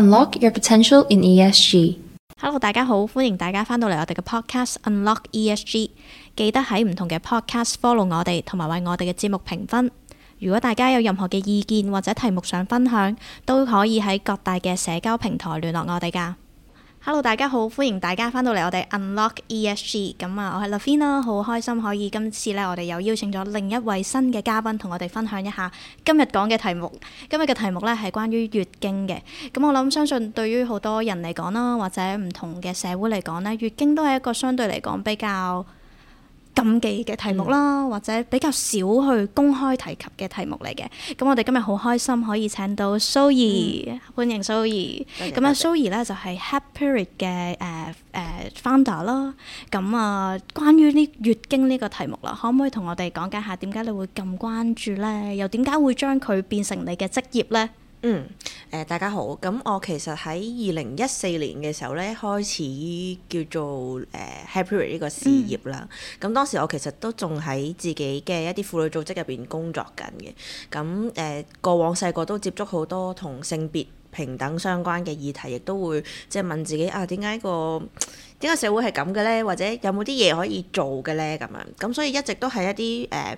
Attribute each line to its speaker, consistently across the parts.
Speaker 1: Unlock your potential in ESG.
Speaker 2: Hello，大家好，歡迎大家返到嚟我哋嘅 Podcast Unlock ESG。記得喺唔同嘅 Podcast follow 我哋，同埋為我哋嘅節目評分。如果大家有任何嘅意見或者題目想分享，都可以喺各大嘅社交平台聯絡我哋㗎。Hello，大家好，歡迎大家翻到嚟我哋 Unlock ESG，咁、嗯、啊，我係 Lavin 啦，好開心可以今次咧，我哋又邀請咗另一位新嘅嘉賓同我哋分享一下今日講嘅題目。今日嘅題目咧係關於月經嘅，咁、嗯、我諗相信對於好多人嚟講啦，或者唔同嘅社會嚟講咧，月經都係一個相對嚟講比較。禁忌嘅題目啦，嗯、或者比較少去公開提及嘅題目嚟嘅。咁我哋今日好開心可以請到 s o Zoe，嗯、歡迎 Zoe Zoe。咁啊謝，Zoe 咧就係 Happeriod 嘅誒誒 founder 啦。咁、呃、啊、呃 er 嗯，關於呢月經呢個題目啦，可唔可以同我哋講解下點解你會咁關注咧？又點解會將佢變成你嘅職業咧？
Speaker 1: 嗯，誒、呃、大家好，咁我其實喺二零一四年嘅時候咧，開始叫做誒 Happeriod 呢個事業啦。咁當時我其實都仲喺自己嘅一啲婦女組織入邊工作緊嘅。咁誒、呃、過往細個都接觸好多同性別平等相關嘅議題，亦都會即係問自己啊，點解個點解社會係咁嘅呢？或者有冇啲嘢可以做嘅呢？咁樣咁所以一直都喺一啲誒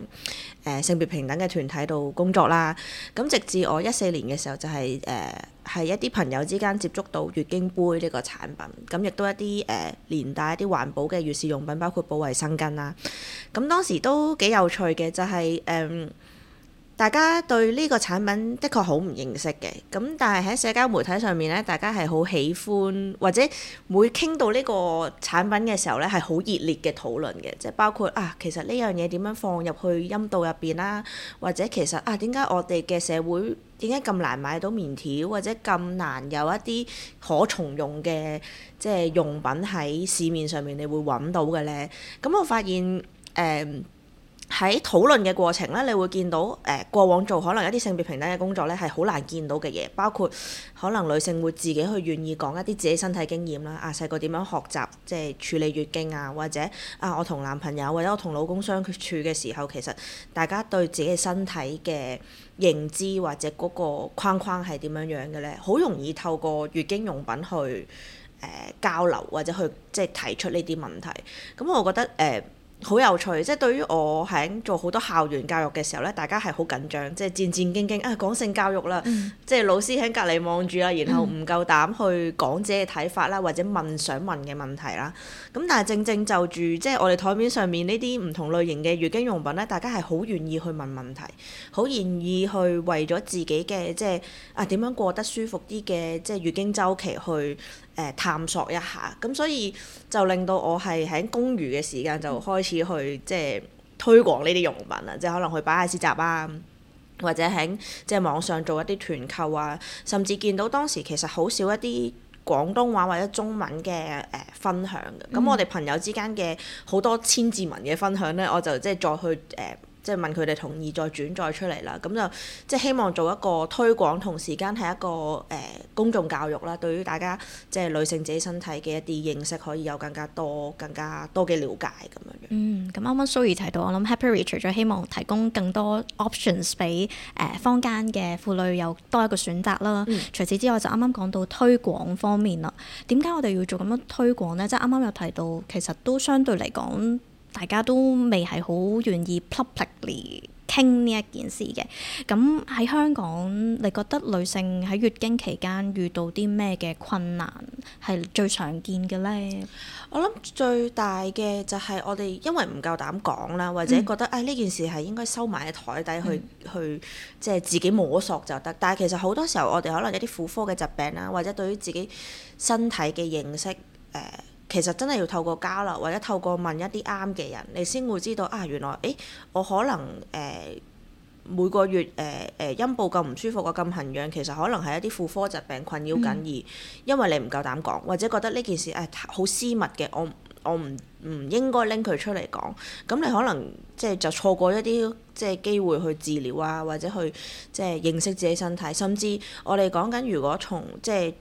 Speaker 1: 誒性別平等嘅團體度工作啦。咁直至我一四年嘅時候、就係，就係誒喺一啲朋友之間接觸到月經杯呢個產品。咁亦都一啲誒、呃、連帶一啲環保嘅月事用品，包括布衞生巾啦。咁當時都幾有趣嘅，就係、係、誒。呃大家對呢個產品的確好唔認識嘅，咁但係喺社交媒體上面咧，大家係好喜歡或者每傾到呢個產品嘅時候咧，係好熱烈嘅討論嘅，即係包括啊，其實呢樣嘢點樣放入去陰道入邊啦，或者其實啊，點解我哋嘅社會點解咁難買到棉條，或者咁難有一啲可重用嘅即係用品喺市面上面，你會揾到嘅咧？咁我發現誒。嗯喺討論嘅過程咧，你會見到誒、呃、過往做可能一啲性別平等嘅工作咧，係好難見到嘅嘢，包括可能女性會自己去願意講一啲自己身體經驗啦，啊細個點樣學習即係處理月經啊，或者啊我同男朋友或者我同老公相處嘅時候，其實大家對自己身體嘅認知或者嗰個框框係點樣樣嘅咧，好容易透過月經用品去誒、呃、交流或者去即係提出呢啲問題。咁、嗯、我覺得誒。呃好有趣，即係對於我喺做好多校園教育嘅時候咧，大家係好緊張，即係戰戰兢兢啊講性教育啦，嗯、即係老師喺隔離望住啦，然後唔夠膽去講自己嘅睇法啦，或者問想問嘅問題啦。咁但係正正就住即係我哋台面上面呢啲唔同類型嘅月經用品咧，大家係好願意去問問題，好願意去為咗自己嘅即係啊點樣過得舒服啲嘅即係月經週期去，誒探索一下，咁所以就令到我係喺公餘嘅時間就開始去、嗯、即係推廣呢啲用品啦，即係可能去擺下市集啊，或者喺即係網上做一啲團購啊，甚至見到當時其實好少一啲廣東話或者中文嘅誒、呃、分享嘅，咁、嗯、我哋朋友之間嘅好多千字文嘅分享咧，我就即係再去誒。呃即係問佢哋同意再轉載出嚟啦，咁就即係希望做一個推廣，同時間係一個誒、呃、公眾教育啦，對於大家即係女性自己身體嘅一啲認識，可以有更加多、更加多嘅了解咁
Speaker 2: 樣。嗯，咁啱啱 s o r 怡提到，我諗 Happyri 除咗希望提供更多 options 俾誒坊間嘅婦女，有多一個選擇啦。嗯、除此之外，就啱啱講到推廣方面啦，點解我哋要做咁樣推廣咧？即係啱啱有提到，其實都相對嚟講。大家都未係好願意 publicly 傾呢一件事嘅。咁喺香港，你覺得女性喺月經期間
Speaker 1: 遇到啲咩嘅困難係最常見嘅呢？我諗最大嘅就係我哋因為唔夠膽講啦，或者覺得誒呢、嗯哎、件事係應該收埋喺台底去、嗯、去、去，即係自己摸索就得。但係其實好多時候，我哋可能有啲婦科嘅疾病啦，或者對於自己身體嘅認識誒。呃其實真係要透過交流，或者透過問一啲啱嘅人，你先會知道啊！原來，誒，我可能誒、呃、每個月誒誒陰部咁唔舒服，個咁痕癢，其實可能係一啲婦科疾病困擾緊，而因為你唔夠膽講，或者覺得呢件事誒好、呃、私密嘅，我我唔唔應該拎佢出嚟講。咁你可能即係就錯過一啲即係機會去治療啊，或者去即係認識自己身體。甚至我哋講緊，如果從即係。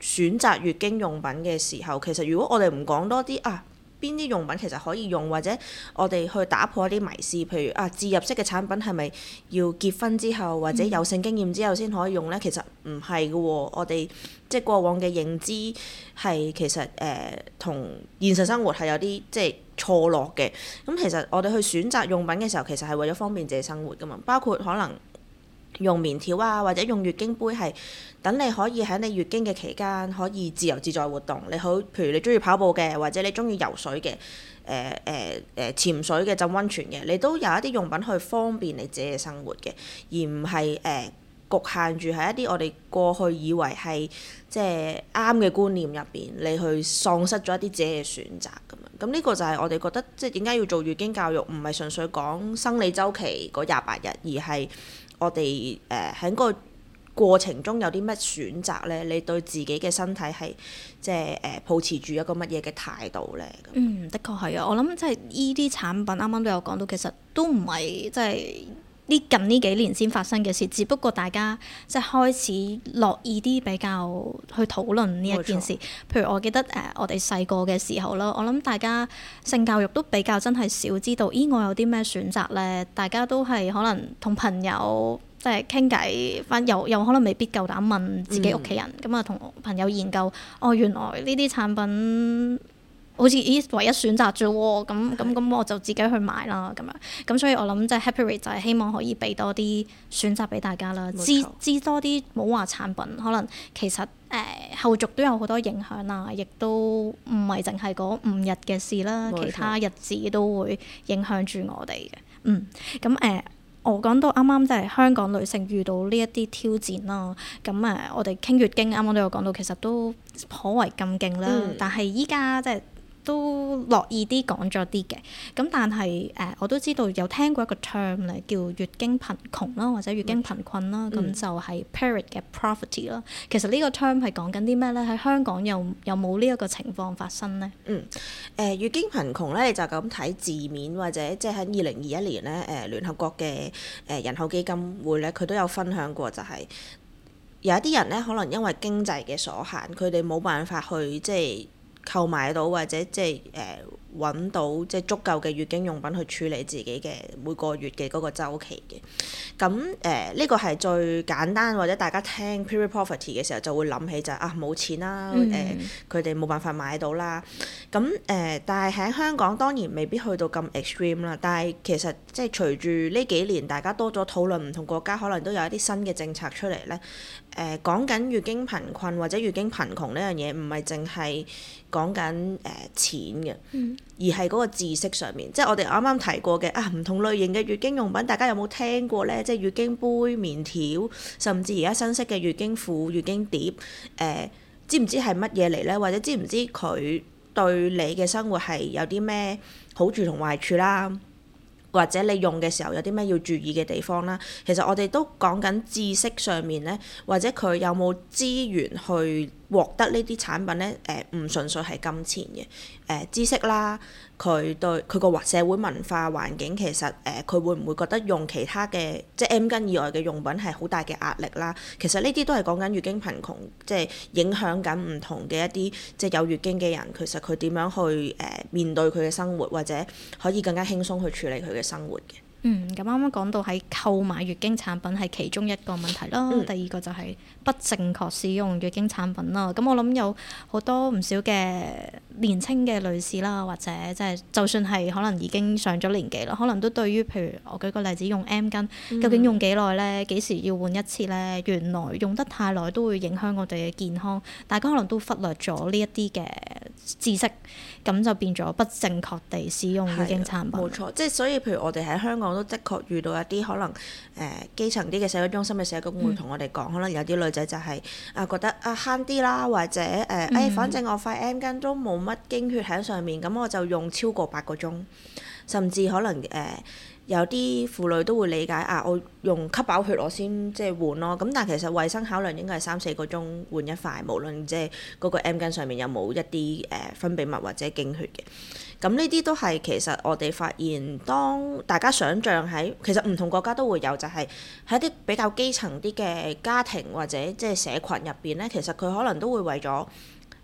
Speaker 1: 選擇月經用品嘅時候，其實如果我哋唔講多啲啊，邊啲用品其實可以用，或者我哋去打破一啲迷思，譬如啊，置入式嘅產品係咪要結婚之後或者有性經驗之後先可以用呢？其實唔係嘅喎，我哋即係過往嘅認知係其實誒同、呃、現實生活係有啲即係錯落嘅。咁其實我哋去選擇用品嘅時候，其實係為咗方便自己生活噶嘛，包括可能。用棉條啊，或者用月經杯，係等你可以喺你月經嘅期間可以自由自在活動。你好，譬如你中意跑步嘅，或者你中意游水嘅，誒誒誒潛水嘅、浸溫泉嘅，你都有一啲用品去方便你自己嘅生活嘅，而唔係誒侷限住喺一啲我哋過去以為係即係啱嘅觀念入邊，你去喪失咗一啲自己嘅選擇咁樣。咁呢個就係我哋覺得即係點解要做月經教育，唔係純粹講生理週期嗰廿八日，而係。我哋誒喺個過程中有啲乜選擇咧？你對自己嘅身體係即係誒抱持住一個乜嘢嘅態度咧？嗯，
Speaker 2: 的確係啊，我諗即係依啲產品啱啱都有講到，其實都唔係即係。呢近呢幾年先發生嘅事，只不過大家即係開始樂意啲比較去討論呢一件事。冇錯。譬如我記得誒，我哋細個嘅時候啦，我諗大家性教育都比較真係少知道，咦？我有啲咩選擇咧？大家都係可能同朋友即係傾偈翻，又又可能未必夠膽問自己屋企人咁啊，同、嗯、朋友研究哦，原來呢啲產品。好似依唯一選擇啫喎，咁咁咁我就自己去買啦，咁樣咁所以我諗即係 Happeriod 就係希望可以俾多啲選擇俾大家啦，知知沒錯 多啲，冇話產品，可能其實誒、呃、後續都有好多影響啦，亦都唔係淨係嗰五日嘅事啦，沒錯 其他日子都會影響住我哋嘅。嗯，咁誒、呃、我講到啱啱即係香港女性遇到呢一啲挑戰啦，咁誒、呃、我哋傾月經啱啱都有講到，其實都頗為咁勁啦，嗯、但係依家即係。都樂意啲講咗啲嘅，咁但係誒、呃，我都知道有聽過一個 term 咧，叫月經貧窮啦，或者月經貧困啦，咁、嗯、就係 period 嘅 poverty 啦。其實呢個 term 係講緊啲咩咧？喺香港有有冇呢一個情況發生呢？嗯，
Speaker 1: 誒、呃、月經貧窮咧，就咁睇字面或者即係喺二零二一年咧，誒、呃、聯合國嘅誒人口基金會咧，佢都有分享過、就是，就係有一啲人咧可能因為經濟嘅所限，佢哋冇辦法去即係，購買到或者即係誒揾到即係足夠嘅月經用品去處理自己嘅每個月嘅嗰個週期嘅，咁，誒呢個係最簡單，或者大家聽 period poverty 嘅時候就會諗起就係、是、啊冇錢啦，誒佢哋冇辦法買到啦，咁誒、呃、但係喺香港當然未必去到咁 extreme 啦，但係其實即係隨住呢幾年大家多咗討論唔同國家可能都有一啲新嘅政策出嚟咧。誒講緊月經貧困或者月經貧窮呢樣嘢，唔係淨係講緊誒錢嘅，嗯、而係嗰個知識上面。即係我哋啱啱提過嘅啊，唔同類型嘅月經用品，大家有冇聽過咧？即係月經杯、棉條，甚至而家新式嘅月經褲、月經碟。誒、呃，知唔知係乜嘢嚟咧？或者知唔知佢對你嘅生活係有啲咩好處同壞處啦？或者你用嘅時候有啲咩要注意嘅地方啦？其實我哋都講緊知識上面呢，或者佢有冇資源去獲得呢啲產品咧，誒、呃、唔純粹係金錢嘅，誒、呃、知識啦，佢對佢個社社會文化環境其實誒，佢、呃、會唔會覺得用其他嘅即係 M 巾以外嘅用品係好大嘅壓力啦？其實呢啲都係講緊月經貧窮，即係影響緊唔同嘅一啲即係有月經嘅人，其實佢點樣去誒、呃、面對佢嘅生活，或者可以更加輕鬆去處理佢嘅生活嘅。
Speaker 2: 嗯，咁啱啱講到喺購買月經產品係其中一個問題啦，嗯、第二個就係不正確使用月經產品啦。咁我諗有好多唔少嘅年青嘅女士啦，或者即係就算係可能已經上咗年紀啦，可能都對於譬如我舉個例子，用 M 巾，究竟用幾耐呢？幾時要換一次呢？原來用得太耐都會影響我哋嘅健康，大家可能都忽略咗呢一啲嘅知識。咁就變咗不正確地使用月經產品，
Speaker 1: 冇錯。即係所以，譬如我哋喺香港都的確遇到一啲可能誒、呃、基層啲嘅社區中心嘅社工會同我哋講，嗯、可能有啲女仔就係、是、啊覺得啊慳啲啦，或者誒誒、呃嗯哎，反正我塊 M 巾都冇乜經血喺上面，咁我就用超過八個鐘，甚至可能誒。呃有啲婦女都會理解啊，我用吸飽血我先即係換咯。咁但係其實衞生考量應該係三四個鐘換一塊，無論即係嗰個 M 巾上面有冇一啲誒分泌物或者經血嘅。咁呢啲都係其實我哋發現，當大家想象喺其實唔同國家都會有，就係喺啲比較基層啲嘅家庭或者即係社群入邊咧，其實佢可能都會為咗。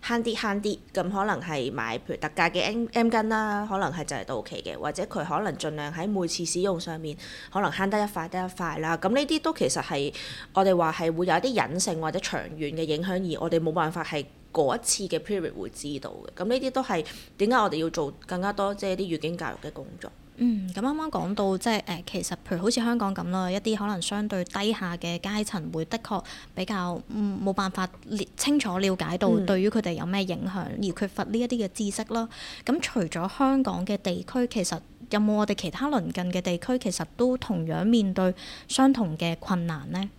Speaker 1: 慳啲慳啲，咁可能係買譬如特價嘅 M M 巾啦，可能係就嚟到期嘅，或者佢可能盡量喺每次使用上面可能慳得一塊得一塊啦。咁呢啲都其實係我哋話係會有一啲隱性或者長遠嘅影響，而我哋冇辦法係嗰一次嘅 period 會知道嘅。咁呢啲都係點解我哋要做更加多即係啲月經教育嘅工作。
Speaker 2: 嗯，咁啱啱講到即係誒，其實譬如好似香港咁啦，一啲可能相對低下嘅階層會的確比較冇冇辦法列清楚了解到對於佢哋有咩影響，嗯、而缺乏呢一啲嘅知識囉。咁、嗯嗯、除咗香港嘅地區，其實有冇我哋其他鄰近嘅地區其實都同樣面對相同嘅困難呢？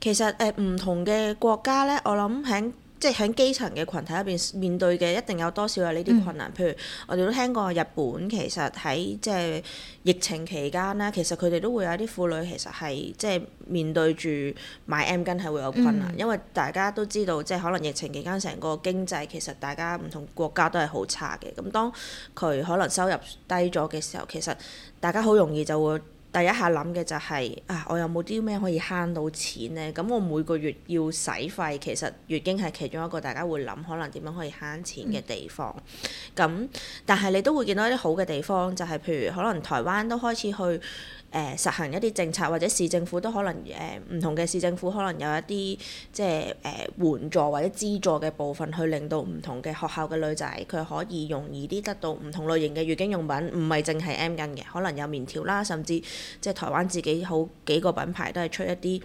Speaker 1: 其實誒，呃、唔同嘅國家咧，我諗喺。即係喺基層嘅群體入面面對嘅一定有多少有呢啲困難，嗯、譬如我哋都聽過日本其實喺即係疫情期間咧，其實佢哋都會有啲婦女其實係即係面對住買 M 巾係會有困難，嗯、因為大家都知道即係可能疫情期間成個經濟其實大家唔同國家都係好差嘅，咁當佢可能收入低咗嘅時候，其實大家好容易就會。第一下諗嘅就係、是、啊，我有冇啲咩可以慳到錢呢？」咁我每個月要使費，其實月經係其中一個大家會諗，可能點樣可以慳錢嘅地方。咁、嗯嗯、但係你都會見到一啲好嘅地方，就係、是、譬如可能台灣都開始去。誒實行一啲政策，或者市政府都可能誒，唔同嘅市政府可能有一啲即係誒援助或者資助嘅部分，去令到唔同嘅學校嘅女仔佢可以容易啲得到唔同類型嘅月經用品，唔係淨係 M 巾嘅，可能有棉條啦，甚至即係台灣自己好幾個品牌都係出一啲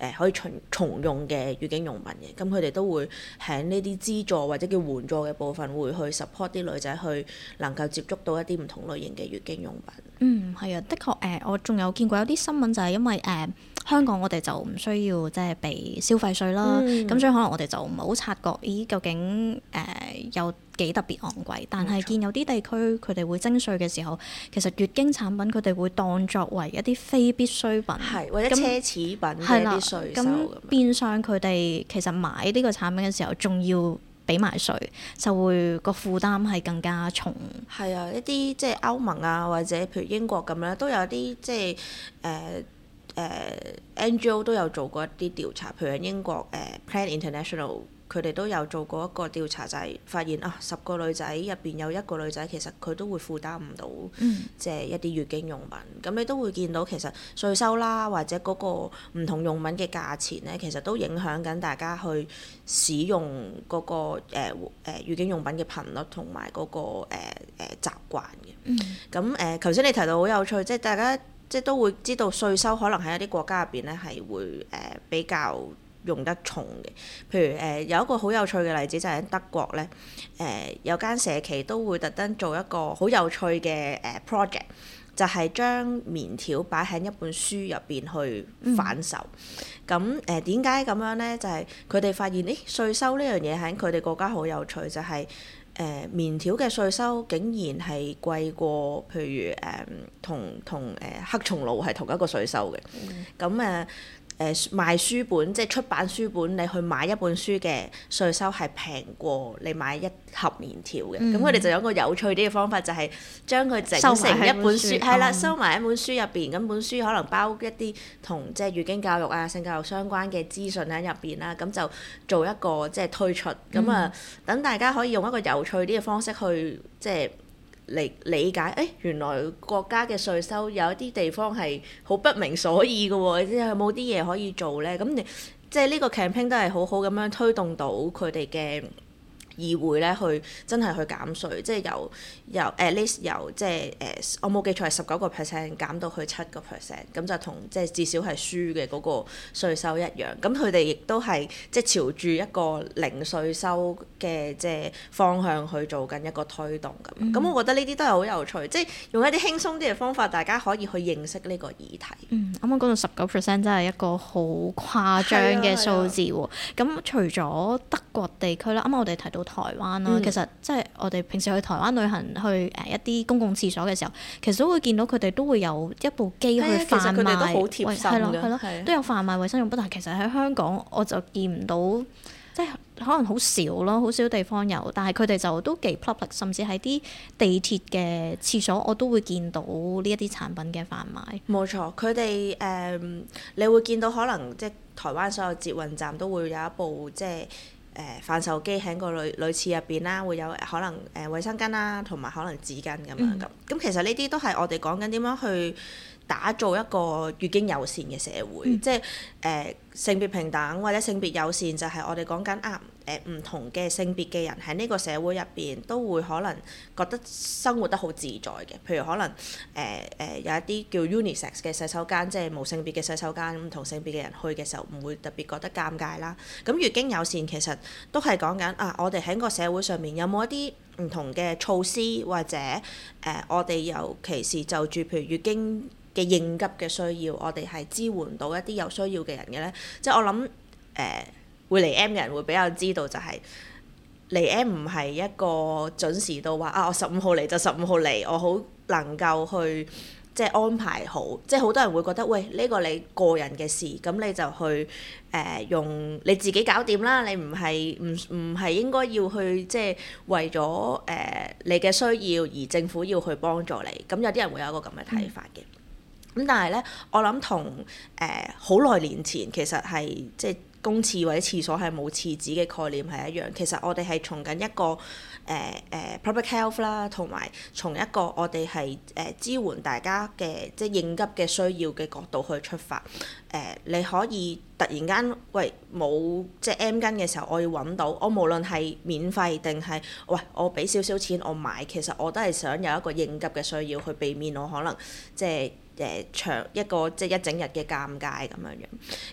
Speaker 1: 誒可以重重用嘅月經用品嘅，咁佢哋都會喺呢啲資助或者叫援助嘅部分會去 support 啲女仔去能夠接觸到一啲唔同類型嘅月經用品。
Speaker 2: 嗯，係啊，的確，誒、呃，我仲有見過有啲新聞就係因為誒、呃、香港我哋就唔需要即係畀消費稅啦，咁、嗯、所以可能我哋就唔係好察覺，咦，究竟誒、呃、有幾特別昂貴？但係見有啲地區佢哋會徵稅嘅時候，其實月經產品佢哋會當作為一啲非必需品，
Speaker 1: 係或者奢侈品嘅一啲稅收，咁
Speaker 2: 變相佢哋其實買呢個產品嘅時候仲要。俾埋稅就會個負擔係更加重。
Speaker 1: 係啊，一啲即係歐盟啊，或者譬如英國噉樣，都有啲即係誒誒 NGO 都有做過一啲調查，譬如英國誒、呃、Plan International。佢哋都有做過一個調查，就係、是、發現啊，十個女仔入邊有一個女仔，其實佢都會負擔唔到，嗯、即係一啲月經用品。咁你都會見到，其實稅收啦，或者嗰個唔同用品嘅價錢咧，其實都影響緊大家去使用嗰、那個誒誒、呃呃、月經用品嘅頻率同埋嗰個誒誒、呃、習慣嘅。咁誒、嗯，頭先、呃、你提到好有趣，即係大家即係都會知道稅收可能喺一啲國家入邊咧係會誒比較。用得重嘅，譬如誒、呃、有一個好有趣嘅例子就喺、是、德國咧，誒、呃、有間社企都會特登做一個好有趣嘅誒、呃、project，就係將棉條擺喺一本書入邊去反售。咁誒點解咁樣咧？就係佢哋發現，誒、欸、稅收呢樣嘢喺佢哋國家好有趣，就係誒棉條嘅稅收竟然係貴過，譬如誒、呃、同同誒、呃、黑松露係同一個稅收嘅。咁誒、嗯。嗯誒賣書本，即係出版書本，你去買一本書嘅稅收係平過你買一盒棉條嘅。咁佢哋就有一個有趣啲嘅方法，就係、是、將佢整成一本書，係啦，收埋一本書入邊。咁本書可能包括一啲同即係月經教育啊、性教育相關嘅資訊喺入邊啦。咁就做一個即係、就是、推出。咁、嗯、啊，等大家可以用一個有趣啲嘅方式去即係。嚟理解，誒、哎、原來國家嘅稅收有一啲地方係好不明所以嘅喎、哦，即係 有冇啲嘢可以做咧？咁你即係呢個 campaign 都係好好咁樣推動到佢哋嘅。議會咧去真係去減稅，即係由由 at least 由即係誒，我冇記錯係十九個 percent 減到去七個 percent，咁就同即係至少係書嘅嗰個稅收一樣。咁佢哋亦都係即係朝住一個零稅收嘅即係方向去做緊一個推動咁。咁、嗯、我覺得呢啲都係好有趣，即係用一啲輕鬆啲嘅方法，大家可以去認識呢個議題。
Speaker 2: 嗯，啱啱講到十九 percent 真係一個好誇張嘅數字喎。咁、啊啊、除咗德國地區啦，啱啱我哋提到。台灣啦、啊，嗯、其實即係我哋平時去台灣旅行去誒一啲公共廁所嘅時候，其實都會見到佢哋都會有一部機去販賣，係咯係咯，都貼心嘅，都有販賣衛生用品。但係其實喺香港我就見唔到，即係可能好少咯，好少地方有。但係佢哋就都幾 public 甚至喺啲地鐵嘅廁所我都會見到呢一啲產品嘅販賣。
Speaker 1: 冇錯，佢哋誒，um, 你會見到可能即係台灣所有捷運站都會有一部即係。誒販、呃、售機喺個女廁入邊啦，會有可能誒、呃、衛生巾啦，同埋可能紙巾咁樣咁。咁、嗯、其實呢啲都係我哋講緊點樣去打造一個月經友善嘅社會，嗯、即係誒、呃、性別平等或者性別友善，就係、是、我哋講緊啊誒唔、呃、同嘅性別嘅人喺呢個社會入邊都會可能覺得生活得好自在嘅。譬如可能誒誒、呃呃、有一啲叫 unisex 嘅洗手間，即係無性別嘅洗手間，唔同性別嘅人去嘅時候唔會特別覺得尷尬啦。咁、嗯、月經友善其實都係講緊啊，我哋喺個社會上面有冇一啲唔同嘅措施，或者誒、呃、我哋尤其是就住譬如月經。嘅應急嘅需要，我哋係支援到一啲有需要嘅人嘅咧。即係我諗，誒、呃、會嚟 M 嘅人會比較知道、就係，就係嚟 M 唔係一個準時到話啊！我十五號嚟就十五號嚟，我好能夠去即係安排好。即係好多人會覺得，喂呢、呢個你個人嘅事，咁你就去誒、呃、用你自己搞掂啦。你唔係唔唔係應該要去即係為咗誒、呃、你嘅需要而政府要去幫助你。咁有啲人會有一個咁嘅睇法嘅。咁但係咧，我諗同誒好耐年前其實係即係公廁或者廁所係冇廁紙嘅概念係一樣。其實我哋係從緊一個誒誒 public health 啦，同埋、呃、呃、從一個我哋係誒支援大家嘅即係應急嘅需要嘅角度去出發。誒、呃，你可以突然間喂冇即係 M 巾嘅時候，我要揾到。我無論係免費定係喂我俾少少錢我買，其實我都係想有一個應急嘅需要去避免我可能即係。就是誒長一個即係一整日嘅尷尬咁樣樣，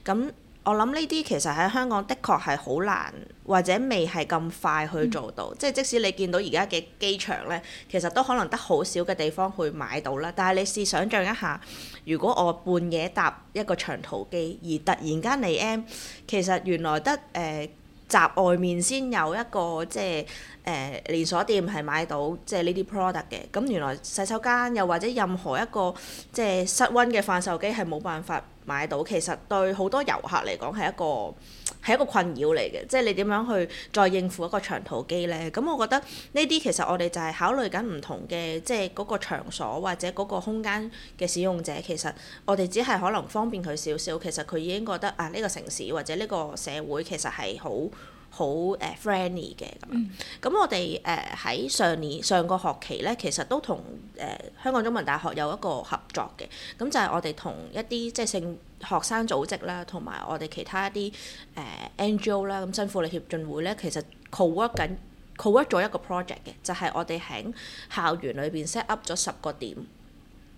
Speaker 1: 咁我諗呢啲其實喺香港的確係好難，或者未係咁快去做到。嗯、即係即使你見到而家嘅機場呢，其實都可能得好少嘅地方去買到啦。但係你試想像一下，如果我半夜搭一個長途機而突然間嚟 M，其實原來得誒。呃集外面先有一個即係誒、呃、連鎖店係買到即係呢啲 product 嘅，咁原來洗手間又或者任何一個即係室溫嘅販售機係冇辦法買到其實對好多遊客嚟講係一個係一個困擾嚟嘅，即係你點樣去再應付一個長途機呢？咁，嗯，我覺得呢啲其實我哋就係考慮緊唔同嘅，即係嗰個場所或者嗰個空間嘅使用者，其實我哋只係可能方便佢少少，其實佢已經覺得啊，呢、呢個城市或者呢個社會其實係好好誒 friendly 嘅咁樣，咁、嗯、我哋誒喺上年上個學期咧，其實都同誒香港中文大學有一個合作嘅，咁就係我哋同一啲即係性學生組織啦，同埋我哋其他一啲 NGO 啦，咁新婦女協進會咧，其實 co-work 緊 co-work 咗一個 project 嘅，就係、是、我哋喺校園裏邊 set up 咗十個點。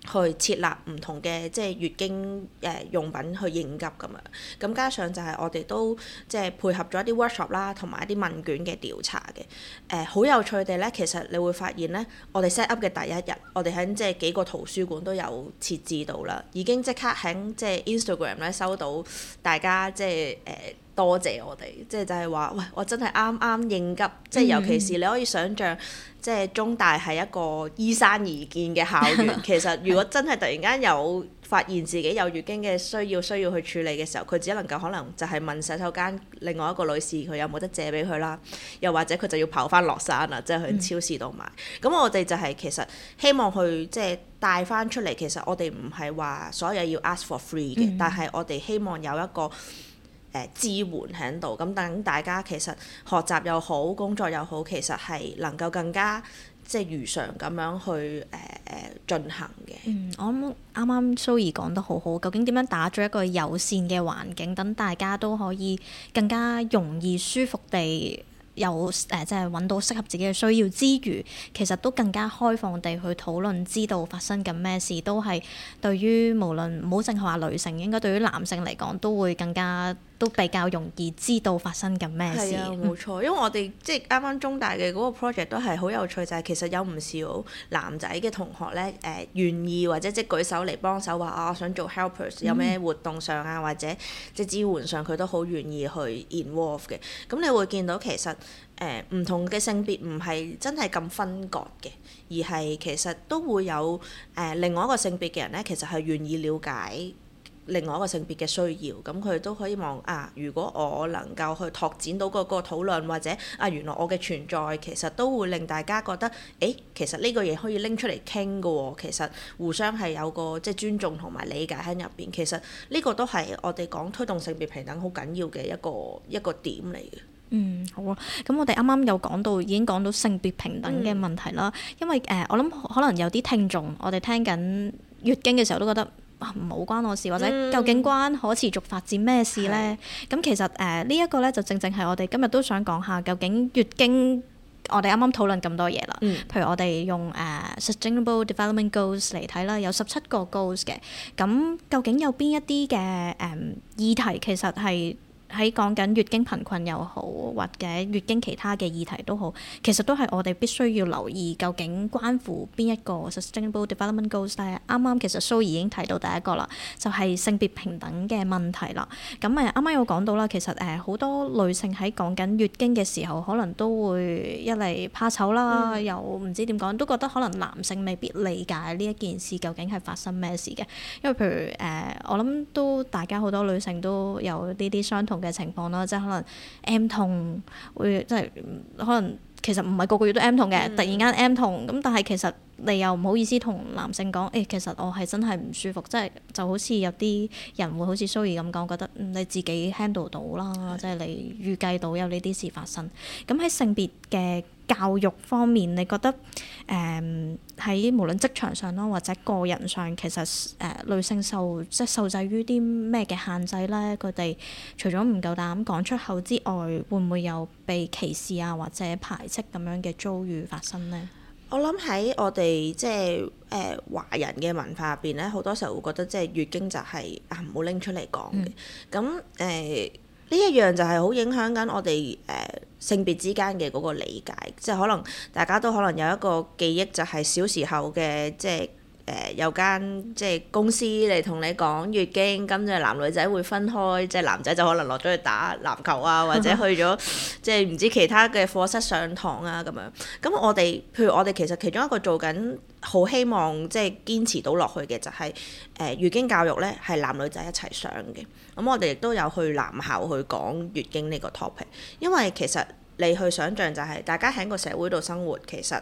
Speaker 1: 去設立唔同嘅即係月經誒、呃、用品去應急咁樣，咁、嗯、加上就係我哋都即係配合咗一啲 workshop 啦，同埋一啲問卷嘅調查嘅，誒、呃、好有趣地咧，其實你會發現咧，我哋 set up 嘅第一日，我哋喺即係幾個圖書館都有設置到啦，已經即刻喺即係 Instagram 咧收到大家即係誒，呃多謝我哋，即係就係、是、話，喂，我真係啱啱應急，即係、嗯、尤其是你可以想像，即、就、係、是、中大係一個依山而建嘅校園。 其實如果真係突然間有發現自己有月經嘅需要，需要去處理嘅時候，佢只能夠可能就係問洗手間另外一個女士，佢有冇得借俾佢啦。又或者佢就要跑翻落山啦，即係、嗯、去超市度買。咁、嗯、我哋就係其實希望去即係、就是、帶翻出嚟。其實我哋唔係話所有要 ask for free 嘅，嗯、但係我哋希望有一個，支援喺度，咁等大家其實學習又好，工作又好，其實係能夠更加即係如常咁樣去誒誒進行嘅。嗯，
Speaker 2: 我諗啱啱 Zoe 講得好好，究竟點樣打造一個友善嘅環境，等大家都可以更加容易舒服地有誒、呃，即係揾到適合自己嘅需要之餘，其實都更加開放地去討論，知道發生緊咩事，都係對於無論唔好淨係話女性，應該對於男性嚟講都會更加。都比較容易知道發生緊咩事。係啊，冇
Speaker 1: 錯，因為我哋即係啱啱中大嘅嗰個 project 都係好有趣，就係其實有唔少男仔嘅同學咧，誒願意或者即係舉手嚟幫手話啊，哦，我想做 helpers，有咩活動上啊，或者即支援上，佢都好願意去 involve 嘅。咁，嗯，你會見到其實誒唔同嘅性別唔係真係咁分割嘅，而係其實都會有誒另外一個性別嘅人咧，其實係願意了解。另外一個性別嘅需要，咁佢都希望啊，如果我能夠去拓展到嗰個討論，或者啊，原來我嘅存在其實都會令大家覺得，誒、欸，其實呢個嘢可以拎出嚟傾嘅喎，其實互相係有個即係尊重同埋理解喺入邊，其實呢個都係我哋講推動性別平等好緊要嘅一個一個點嚟
Speaker 2: 嘅。嗯，好啊，咁我哋啱啱有講到已經講到性別平等嘅問題啦，嗯、因為誒、呃，我諗可能有啲聽眾，我哋聽緊月經嘅時候都覺得，啊，冇關我事，或者究竟關可持續發展咩事咧？咁是的 其實誒，呢一個咧，就正正係我哋今日都想講下，究竟月經我哋啱啱討論咁多嘢啦，嗯、譬如我哋用誒、呃、Sustainable Development Goals 嚟睇啦，有十七個 Goals 嘅，咁究竟有邊一啲嘅誒議題其實係？喺講緊月經貧困又好，或者月經其他嘅議題都好，其實都係我哋必須要留意，究竟關乎邊一個？Sustainable Development Goals 咧，啱啱其實 Zoe 已經提到第一個啦，就係、是、性別平等嘅問題啦。咁誒，啱啱有講到啦，其實誒好多女性喺講緊月經嘅時候，可能都會一嚟怕醜啦，又唔知點講，嗯、都覺得可能男性未必理解呢一件事究竟係發生咩事嘅。因為譬如誒、呃，我諗都大家好多女性都有呢啲相同嘅情況咯，即係可能 M 痛，會即係可能其實唔係個個月都 M 痛嘅，嗯、突然間 M 痛咁，但係其實。你又唔好意思同男性講，誒、欸、其實我係真係唔舒服，即係就好似有啲人會好似蘇怡咁講，覺得、嗯、你自己 handle 到啦，即係你預計到有呢啲事發生。咁喺、嗯、性別嘅教育方面，你覺得誒喺、嗯、無論職場上咯，或者個人上，其實誒、呃、女性受即係受制於啲咩嘅限制咧？佢哋除咗唔夠膽講出口之外，會唔會有被歧視啊或者排斥咁樣嘅遭遇發生咧？
Speaker 1: 我諗喺我哋即係誒、呃、華人嘅文化入邊咧，好多時候會覺得即係月經就係、是、啊唔好拎出嚟講嘅。咁誒呢一樣就係好影響緊我哋誒、呃、性別之間嘅嗰個理解，即係可能大家都可能有一個記憶，就係小時候嘅即係。誒、呃、有間即係公司嚟同你講月經，咁就男女仔會分開，即係男仔就可能落咗去打籃球啊，或者去咗 即係唔知其他嘅課室上堂啊咁樣。咁我哋譬如我哋其實其中一個做緊好希望即係堅持到落去嘅就係、是、誒、呃、月經教育咧係男女仔一齊上嘅。咁我哋亦都有去男校去講月經呢個 topic，因為其實你去想像就係、是、大家喺個社會度生活，其實。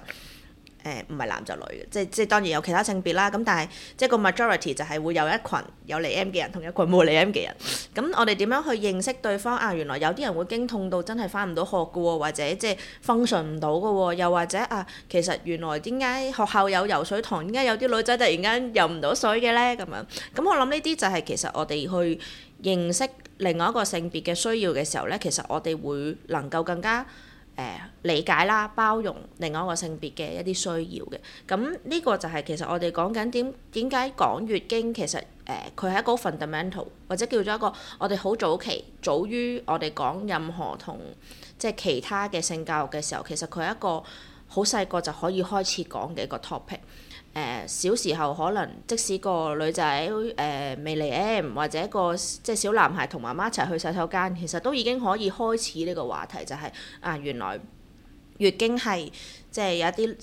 Speaker 1: 誒唔係男就女嘅，即即當然有其他性別啦。咁但係即個 majority 就係會有一群有嚟 M 嘅人，同一群冇嚟 M 嘅人。咁 我哋點樣去認識對方啊？原來有啲人會驚痛到真係返唔到學嘅喎、哦，或者即 function 唔到嘅喎，又或者啊，其實原來點解學校有游水堂，點解有啲女仔突然間游唔到水嘅咧？咁樣咁我諗呢啲就係其實我哋去認識另外一個性別嘅需要嘅時候咧，其實我哋會能夠更加。誒、呃、理解啦，包容另外一個性別嘅一啲需要嘅，咁、嗯、呢、嗯、個就係其實我哋講緊點點解講月經，其實誒佢係一個 fundamental 或者叫做一個我哋好早期，早於我哋講任何同即係、就是、其他嘅性教育嘅時候，其實佢係一個好細個就可以開始講嘅一個 topic。誒、呃、小時候可能即使個女仔誒、呃、未嚟 M 或者個即係小男孩同媽媽一齊去洗手間，其實都已經可以開始呢個話題，就係、是、啊原來月經係即係有一啲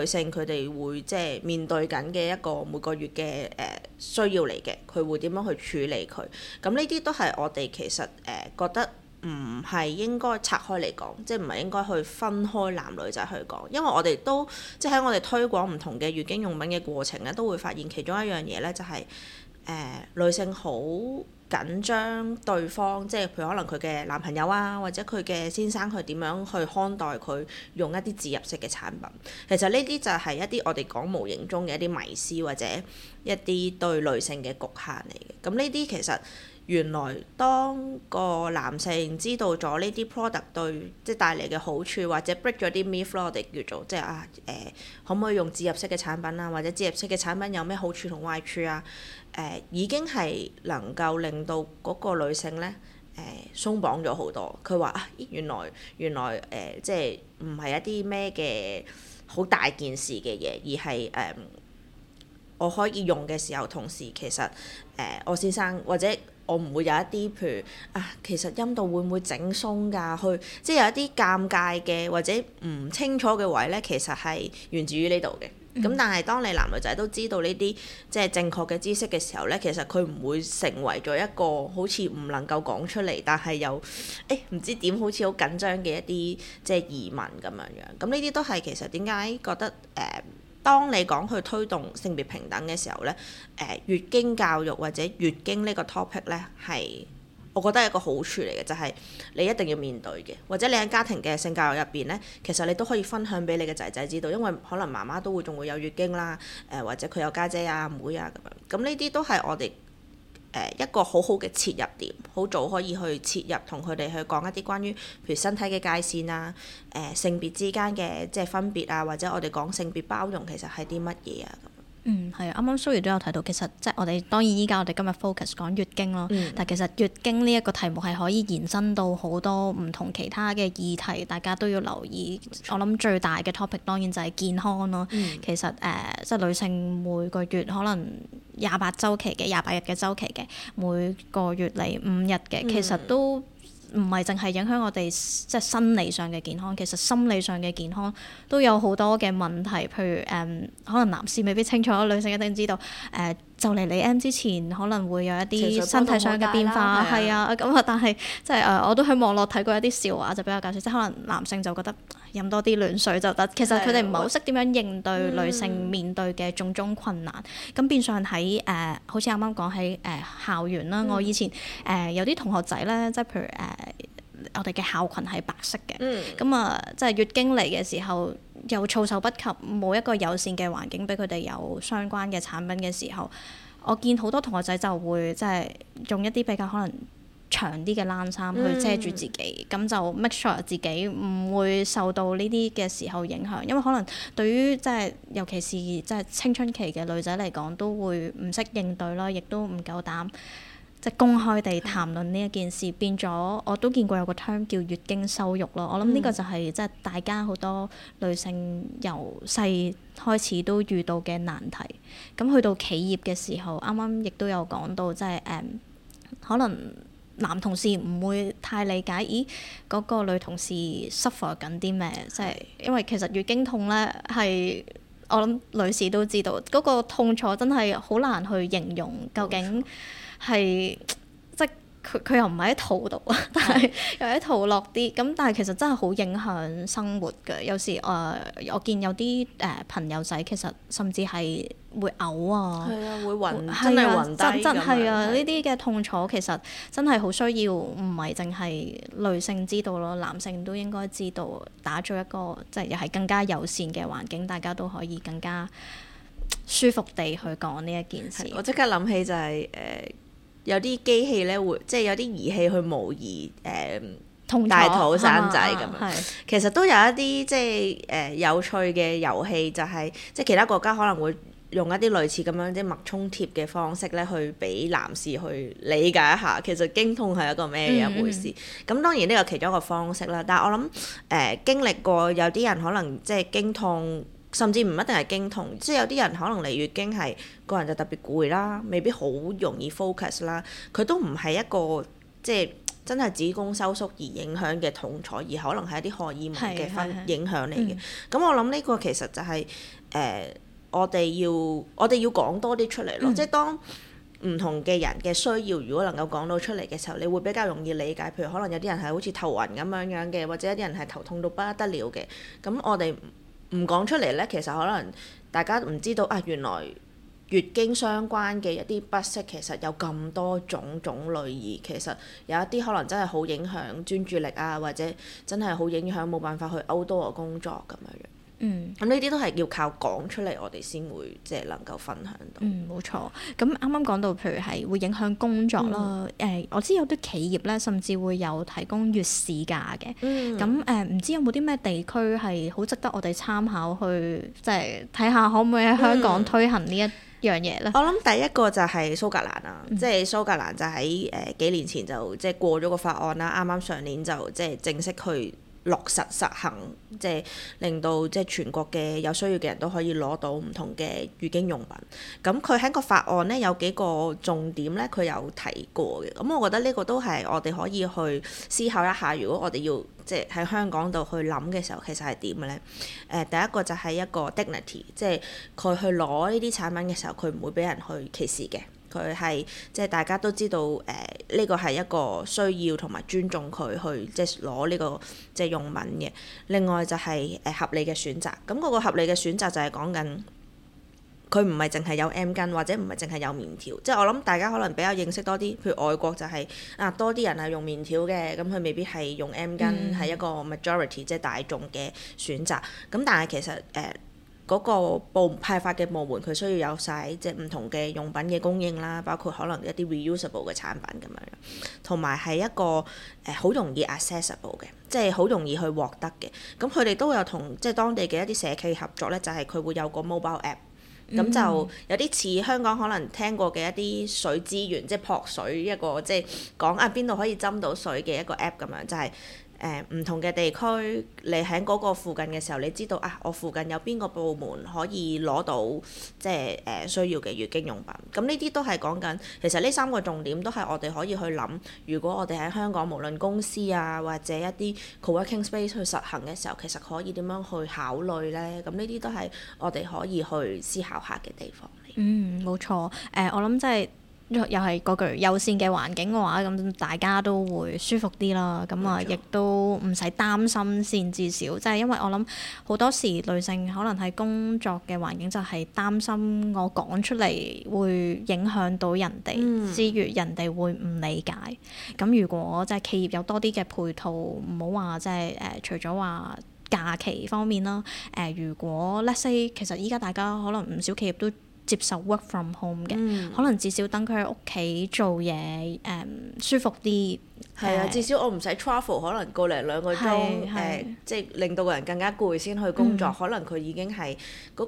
Speaker 1: 女性佢哋會即係面對緊嘅一個每個月嘅誒、呃、需要嚟嘅，佢會點樣去處理佢？咁呢啲都係我哋其實誒、呃、覺得。唔係、嗯、應該拆開嚟講，即係唔係應該去分開男女仔去講，因為我哋都即係喺我哋推廣唔同嘅月經用品嘅過程咧，都會發現其中一樣嘢咧，就係、是、誒、呃、女性好緊張對方，即係譬如可能佢嘅男朋友啊，或者佢嘅先生去點樣去看待佢用一啲自入式嘅產品。其實呢啲就係一啲我哋講無形中嘅一啲迷思或者一啲對女性嘅局限嚟嘅。咁呢啲其實～原來當個男性知道咗呢啲 product 對即係帶嚟嘅好處，或者 break 咗啲 myth 咯，我哋叫做即係啊誒、呃，可唔可以用自入式嘅產品啊？或者自入式嘅產品有咩好處同壞處啊？誒、呃、已經係能夠令到嗰個女性咧誒鬆綁咗好多。佢話啊，原來原來誒、呃、即係唔係一啲咩嘅好大件事嘅嘢，而係誒、呃、我可以用嘅時候，同時其實誒、呃、我先生或者我唔會有一啲，譬如啊，其實陰道會唔會整鬆㗎？去即係有一啲尷尬嘅或者唔清楚嘅位咧，其實係源自於呢度嘅。咁、嗯、但係當你男女仔都知道呢啲即係正確嘅知識嘅時候咧，其實佢唔會成為咗一個好似唔能夠講出嚟，但係又誒唔知點好似好緊張嘅一啲即係疑問咁樣樣。咁呢啲都係其實點解覺得誒、呃當你講去推動性別平等嘅時候呢，誒、呃、月經教育或者月經呢個 topic 呢，係我覺得係一個好處嚟嘅，就係、是、你一定要面對嘅，或者你喺家庭嘅性教育入邊呢，其實你都可以分享俾你嘅仔仔知道，因為可能媽媽都會仲會有月經啦，誒、呃、或者佢有家姐、姐啊妹啊咁樣，咁呢啲都係我哋。誒一個好好嘅切入點，好早可以去切入同佢哋去講一啲關於，譬如身體嘅界線啊，誒、呃、性別之間嘅即係分別啊，或者我哋講性別包容其實係啲乜嘢啊？
Speaker 2: 嗯，係啊，啱啱 s o r 怡都有提到，其實即係我哋當然依家我哋今日 focus 講月經咯，嗯、但其實月經呢一個題目係可以延伸到好多唔同其他嘅議題，大家都要留意。錯我諗最大嘅 topic 當然就係健康咯。嗯、其實誒、呃，即係女性每個月可能廿八週期嘅，廿八日嘅週期嘅，每個月嚟五日嘅，嗯、其實都。唔係淨係影響我哋即係生理上嘅健康，其實心理上嘅健康都有好多嘅問題。譬如誒、呃，可能男士未必清楚，女性一定知道誒。呃就嚟你 M 之前可能會有一啲身體上嘅變化，係啊，咁啊，但係即係誒，我都喺網絡睇過一啲笑話就比較搞笑，即係可能男性就覺得飲多啲暖水就得，其實佢哋唔係好識點樣應對女性面對嘅種種困難，咁、嗯、變相喺誒、呃，好似啱啱講起誒校園啦，嗯、我以前誒、呃、有啲同學仔咧，即係譬如誒。呃我哋嘅校裙係白色嘅，咁啊、嗯，即係、嗯就是、月經嚟嘅時候又措手不及，冇一個友善嘅環境俾佢哋有相關嘅產品嘅時候，我見好多同學仔就會即係、就是、用一啲比較可能長啲嘅冷衫去遮住自己，咁、嗯、就 make sure 自己唔會受到呢啲嘅時候影響，因為可能對於即係、就是、尤其是即係、就是、青春期嘅女仔嚟講，都會唔識應對啦，亦都唔夠膽，公開地談論呢一件事，的變咗我都見過有個 term 叫月經羞辱咯。我諗呢個就係即係大家好多女性由細開始都遇到嘅難題。咁去到企業嘅時候，啱啱亦都有講到，即係誒可能男同事唔會太理解，咦嗰個女同事 suffer 緊啲咩？即係的因為其實月經痛咧係我諗女士都知道，嗰個痛楚真係好難去形容，究竟。係，即佢佢又唔係喺肚度，但係又喺肚落啲。咁但係其實真係好影響生活㗎。有時誒、呃，我見有啲誒、呃、朋友仔其實甚至係會嘔啊，係啊，會暈，會真係暈低咁。係啊，呢啲嘅痛楚其實真係好需要，唔係淨係女性知道咯，男性都應該知道，打造一個即係又係更加友善嘅環境，大家都可以更加
Speaker 1: 舒服地去講呢一件事。我即刻諗起就係、是、誒。呃有啲機器咧會，即係有啲儀器去模
Speaker 2: 擬誒大、呃、坐肚生仔咁樣，啊、
Speaker 1: 其實都有一啲即係誒、呃、有趣嘅遊戲、就係，就係即係其他國家可能會用一啲類似咁樣即係脈衝貼嘅方式咧，去俾男士去理解一下其實經痛係一個咩一回事。咁、嗯嗯、當然呢個其中一個方式啦，但係我諗誒、呃、經歷過有啲人可能即係經痛。甚至唔一定係經痛，即係有啲人可能嚟月經係個人就特別攰啦，未必好容易 focus 啦。佢都唔係一個即係真係子宮收縮而影響嘅痛楚，而可能係一啲荷爾蒙嘅分影響嚟嘅。咁 我諗呢個其實就係、是、誒、呃、我哋要我哋要講多啲出嚟咯。 即係當唔同嘅人嘅需要，如果能夠講到出嚟嘅時候，你會比較容易理解。譬如可能有啲人係好似頭暈咁樣樣嘅，或者一啲人係頭痛到不得了嘅。咁我哋唔講出嚟呢，其實可能大家唔知道啊，原來月經相關嘅一啲不適其實有咁多種種類，而其實有一啲可能真係好影響專注力啊，或者真係好影響冇辦法去勾多個工作咁樣。嗯，咁呢啲都係要靠講出嚟，我哋先會即係能夠分享到。
Speaker 2: 嗯，冇錯。咁啱啱講到，譬如係會影響工作啦。誒、嗯呃，我知有啲企業咧，甚至會有提供月事假嘅。嗯。咁誒、嗯，唔知有冇啲咩地區係好值得我哋參考去，即係睇下可唔可以喺香港推
Speaker 1: 行、嗯、呢一樣嘢咧？我諗第一個就係蘇格蘭啦，即係、嗯、蘇格蘭就喺誒幾年前就即係過咗個法案啦，啱啱上年就即係正式去，落實實行，即係令到即係全國嘅有需要嘅人都可以攞到唔同嘅月經用品。咁佢喺個法案咧，有幾個重點咧，佢有提過嘅。咁、嗯、我覺得呢個都係我哋可以去思考一下，如果我哋要即係喺香港度去諗嘅時候，其實係點嘅咧？誒、呃，第一個就係一個 dignity，即係佢去攞呢啲產品嘅時候，佢唔會俾人去歧視嘅。佢係即係大家都知道，誒、呃、呢、這個係一個需要同埋尊重佢去即係攞呢個即係用品嘅。另外就係、是、誒、呃、合理嘅選擇。咁嗰個合理嘅選擇就係講緊佢唔係淨係有 M 巾，或者唔係淨係有棉條。即係我諗大家可能比較認識多啲，譬如外國就係、是、啊多啲人係用棉條嘅，咁佢未必係用 M 巾係、嗯、一個 majority 即係大眾嘅選擇。咁但係其實誒、呃嗰個部派發嘅部門，佢需要有晒即係唔同嘅用品嘅供應啦，包括可能一啲 reusable 嘅產品咁樣，同埋係一個誒好、呃、容易 accessible 嘅，即係好容易去獲得嘅。咁佢哋都有同即係當地嘅一啲社企合作咧，就係、是、佢會有個 mobile app，咁、嗯、就有啲似香港可能聽過嘅一啲水資源，嗯、即係撲水一個，即係講啊邊度可以斟到水嘅一個 app 咁樣，就係、是。誒、呃、唔同嘅地區，你喺嗰個附近嘅時候，你知道啊，我附近有邊個部門可以攞到即係誒、呃、需要嘅月經用品。咁呢啲都係講緊，其實呢三個重點都係我哋可以去諗。如果我哋喺香港，無論公司啊或者一啲 co-working space 去實行嘅時候，其實可以點樣去考慮咧？咁呢啲都係我哋可以去思考下嘅地方。嗯，
Speaker 2: 冇錯。誒、呃，我諗即係。又係嗰句友善嘅環境嘅話，咁大家都會舒服啲啦。咁啊，亦錯都唔使擔心先，至少即係、就係、因為我諗好多時女性可能喺工作嘅環境就係擔心我講出嚟會影響到人哋，嗯、之餘人哋會唔理解。咁如果即係企業有多啲嘅配套，唔好話即係誒，除咗話假期方面啦。誒、呃，如果 let's say 其實依家大家可能唔少企業都～接受 work from home 嘅。嗯、可能至少等佢喺屋企做嘢誒舒服啲。係啊，嗯、至
Speaker 1: 少我唔使 travel，可能個零兩個鐘誒、呃，即係令到個人更加攰先去工作，嗯、可能佢已經係嗰、嗰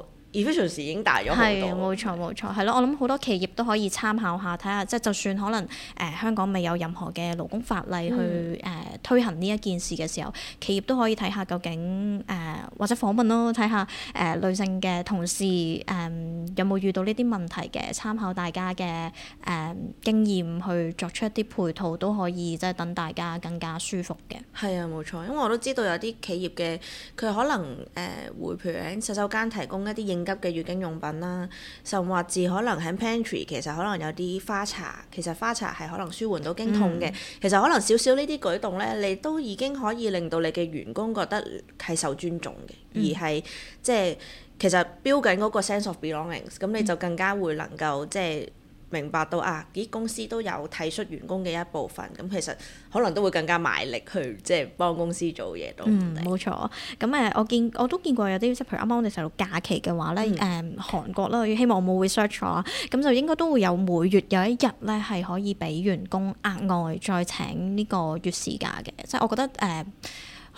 Speaker 1: 個。已經大咗好多，係
Speaker 2: 冇錯冇錯，係咯，我諗好多企業都可以參考下，睇下即係就算可能誒、呃、香港未有任何嘅勞工法例去誒、嗯呃、推行呢一件事嘅時候，企業都可以睇下究竟誒、呃、或者訪問咯，睇下誒女性嘅同事誒、呃、有冇遇到呢啲問題嘅，參考大家嘅誒、呃、經驗去作出一啲配套都可以，即係等大家更加舒服嘅。係啊，冇錯，因為我都知道
Speaker 1: 有啲企業嘅佢可能譬、呃、如喺洗手間提供一啲應急嘅月經用品啦，甚或至可能喺 pantry，其實可能有啲花茶。其實花茶係可能舒緩到經痛嘅。嗯、其實可能少少呢啲舉動咧，你都已經可以令到你嘅員工覺得係受尊重嘅，嗯、而係即係其實標緊嗰個 sense of belonging，咁你就更加會能夠、嗯、即係。明白到啊！啲公司都有體恤員工嘅一部分，咁其實可能都會更加賣力去即係幫公司做嘢都。嗯，
Speaker 2: 冇錯。咁誒，我見我都見過有啲，譬如啱啱我哋細路假期嘅話咧，誒、嗯嗯、韓國啦，希望我冇會 search 錯，咁就應該都會有每月有一日咧，係可以俾員工額外再請呢個月事假嘅，即係我覺得誒。嗯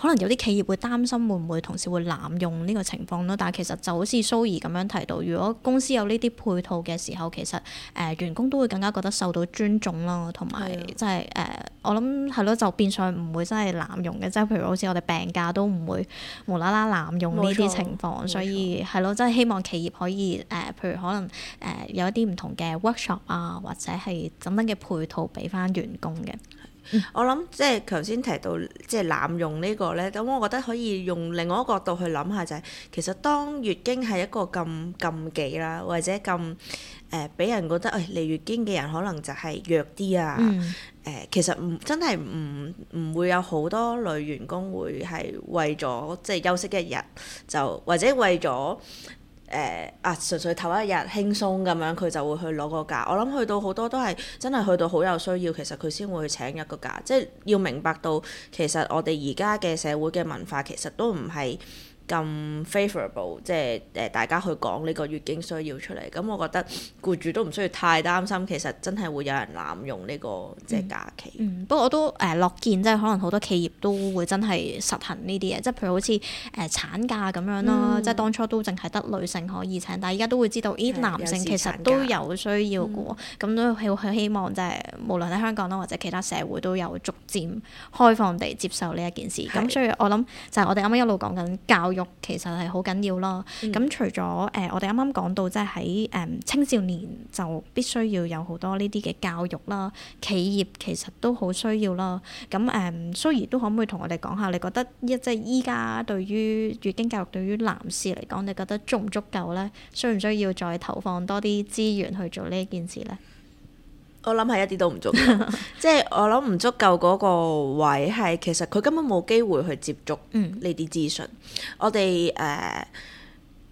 Speaker 2: 可能有啲企業會擔心會唔會同時會濫用呢個情況咯，但係其實就好似 Zoe 咁樣提到，如果公司有呢啲配套嘅時候，其實誒、呃、員工都會更加覺得受到尊重咯，同埋即係誒我諗係、嗯就是就是、咯，就變相唔會真係濫用嘅，即係譬如好似我哋病假都唔會無啦啦濫用呢啲情況，所以係咯，真係希望企業可以誒，譬、呃、如可能誒有一啲唔同嘅 workshop 啊，或者係等等嘅配套俾翻員工嘅。
Speaker 1: 我諗即係頭先提到即係濫用呢、這個咧，咁我覺得可以用另外一個角度去諗下就係，其實當月經係一個咁禁忌啦，或者咁誒俾人覺得誒嚟、哎、月經嘅人可能就係弱啲啊，誒、嗯呃、其實唔真係唔唔會有好多女員工會係為咗即係休息一日就或者為咗。誒、呃、啊！純粹頭一日輕鬆咁樣，佢就會去攞個假。我諗去到好多都係真係去到好有需要，其實佢先會去請一個假。即係要明白到，其實我哋而家嘅社會嘅文化，其實都唔係。咁 favorable，即係誒大家去講呢個月經需要出嚟，咁我覺得僱主都唔需要太擔心，其實真係會有人濫用呢個即係假期。
Speaker 2: 嗯、不、嗯、過我都誒、呃、樂見，即係可能好多企業都會真係實行呢啲嘢，即係譬如好似誒、呃、產假咁樣啦，嗯、即係當初都淨係得女性可以請，但係依家都會知道咦、欸，男性其實都有需要嘅喎，咁都希望即、就、係、是、無論喺香港啦或者其他社會都有逐漸開放地接受呢一件事。咁的所以我諗就係、是、我哋啱啱一路講緊教。育其實係好緊要咯。咁、嗯、除咗誒、呃，我哋啱啱講到即係喺誒青少年就必須要有好多呢啲嘅教育啦。企業其實都好需要啦。咁誒，Zoe、嗯、都可唔可以同我哋講下，你覺得一即係依家對於月經教育對於男士嚟講，你覺得足唔足夠咧？需唔需要再投放多啲資源去做呢一件事咧？
Speaker 1: 我諗係一啲都唔足，即係我諗唔足夠嗰 個位係，其實佢根本冇機會去接觸呢啲資訊，嗯、我哋誒。Uh,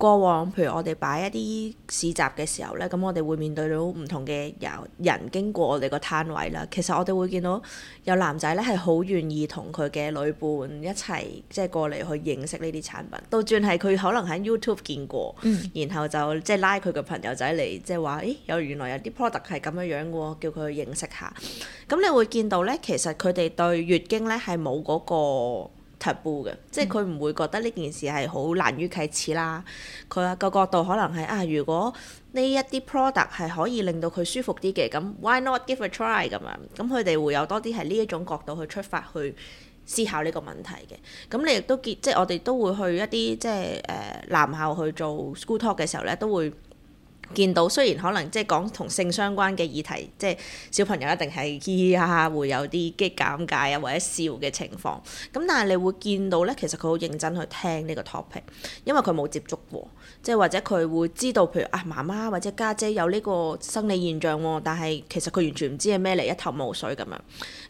Speaker 1: 過往，譬如我哋擺一啲市集嘅時候呢，咁我哋會面對到唔同嘅人，人經過我哋個攤位啦。其實我哋會見到有男仔呢係好願意同佢嘅女伴一齊，即係過嚟去認識呢啲產品。倒轉係佢可能喺 YouTube 見過，嗯、然後就即係拉佢嘅朋友仔嚟，即係話：咦、欸，有原來有啲 product 係咁樣樣嘅喎，叫佢去認識下。咁你會見到呢，其實佢哋對月經呢係冇嗰個。嘅，嗯、即係佢唔會覺得呢件事係好難於啟齒啦。佢個角度可能係啊，如果呢一啲 product 係可以令到佢舒服啲嘅，咁 why not give a try 咁樣，咁佢哋會有多啲係呢一種角度去出發去思考呢個問題嘅。咁你亦都見即係我哋都會去一啲即係誒男校去做 school talk 嘅時候咧，都會，見到雖然可能即係講同性相關嘅議題，即係小朋友一定係嘻嘻哈哈，會有啲激尷尬啊，或者笑嘅情況。咁但係你會見到咧，其實佢好認真去聽呢個 topic，因為佢冇接觸過，即係或者佢會知道，譬如啊媽媽或者家姐有呢個生理現象喎，但係其實佢完全唔知係咩嚟，一頭霧水咁樣。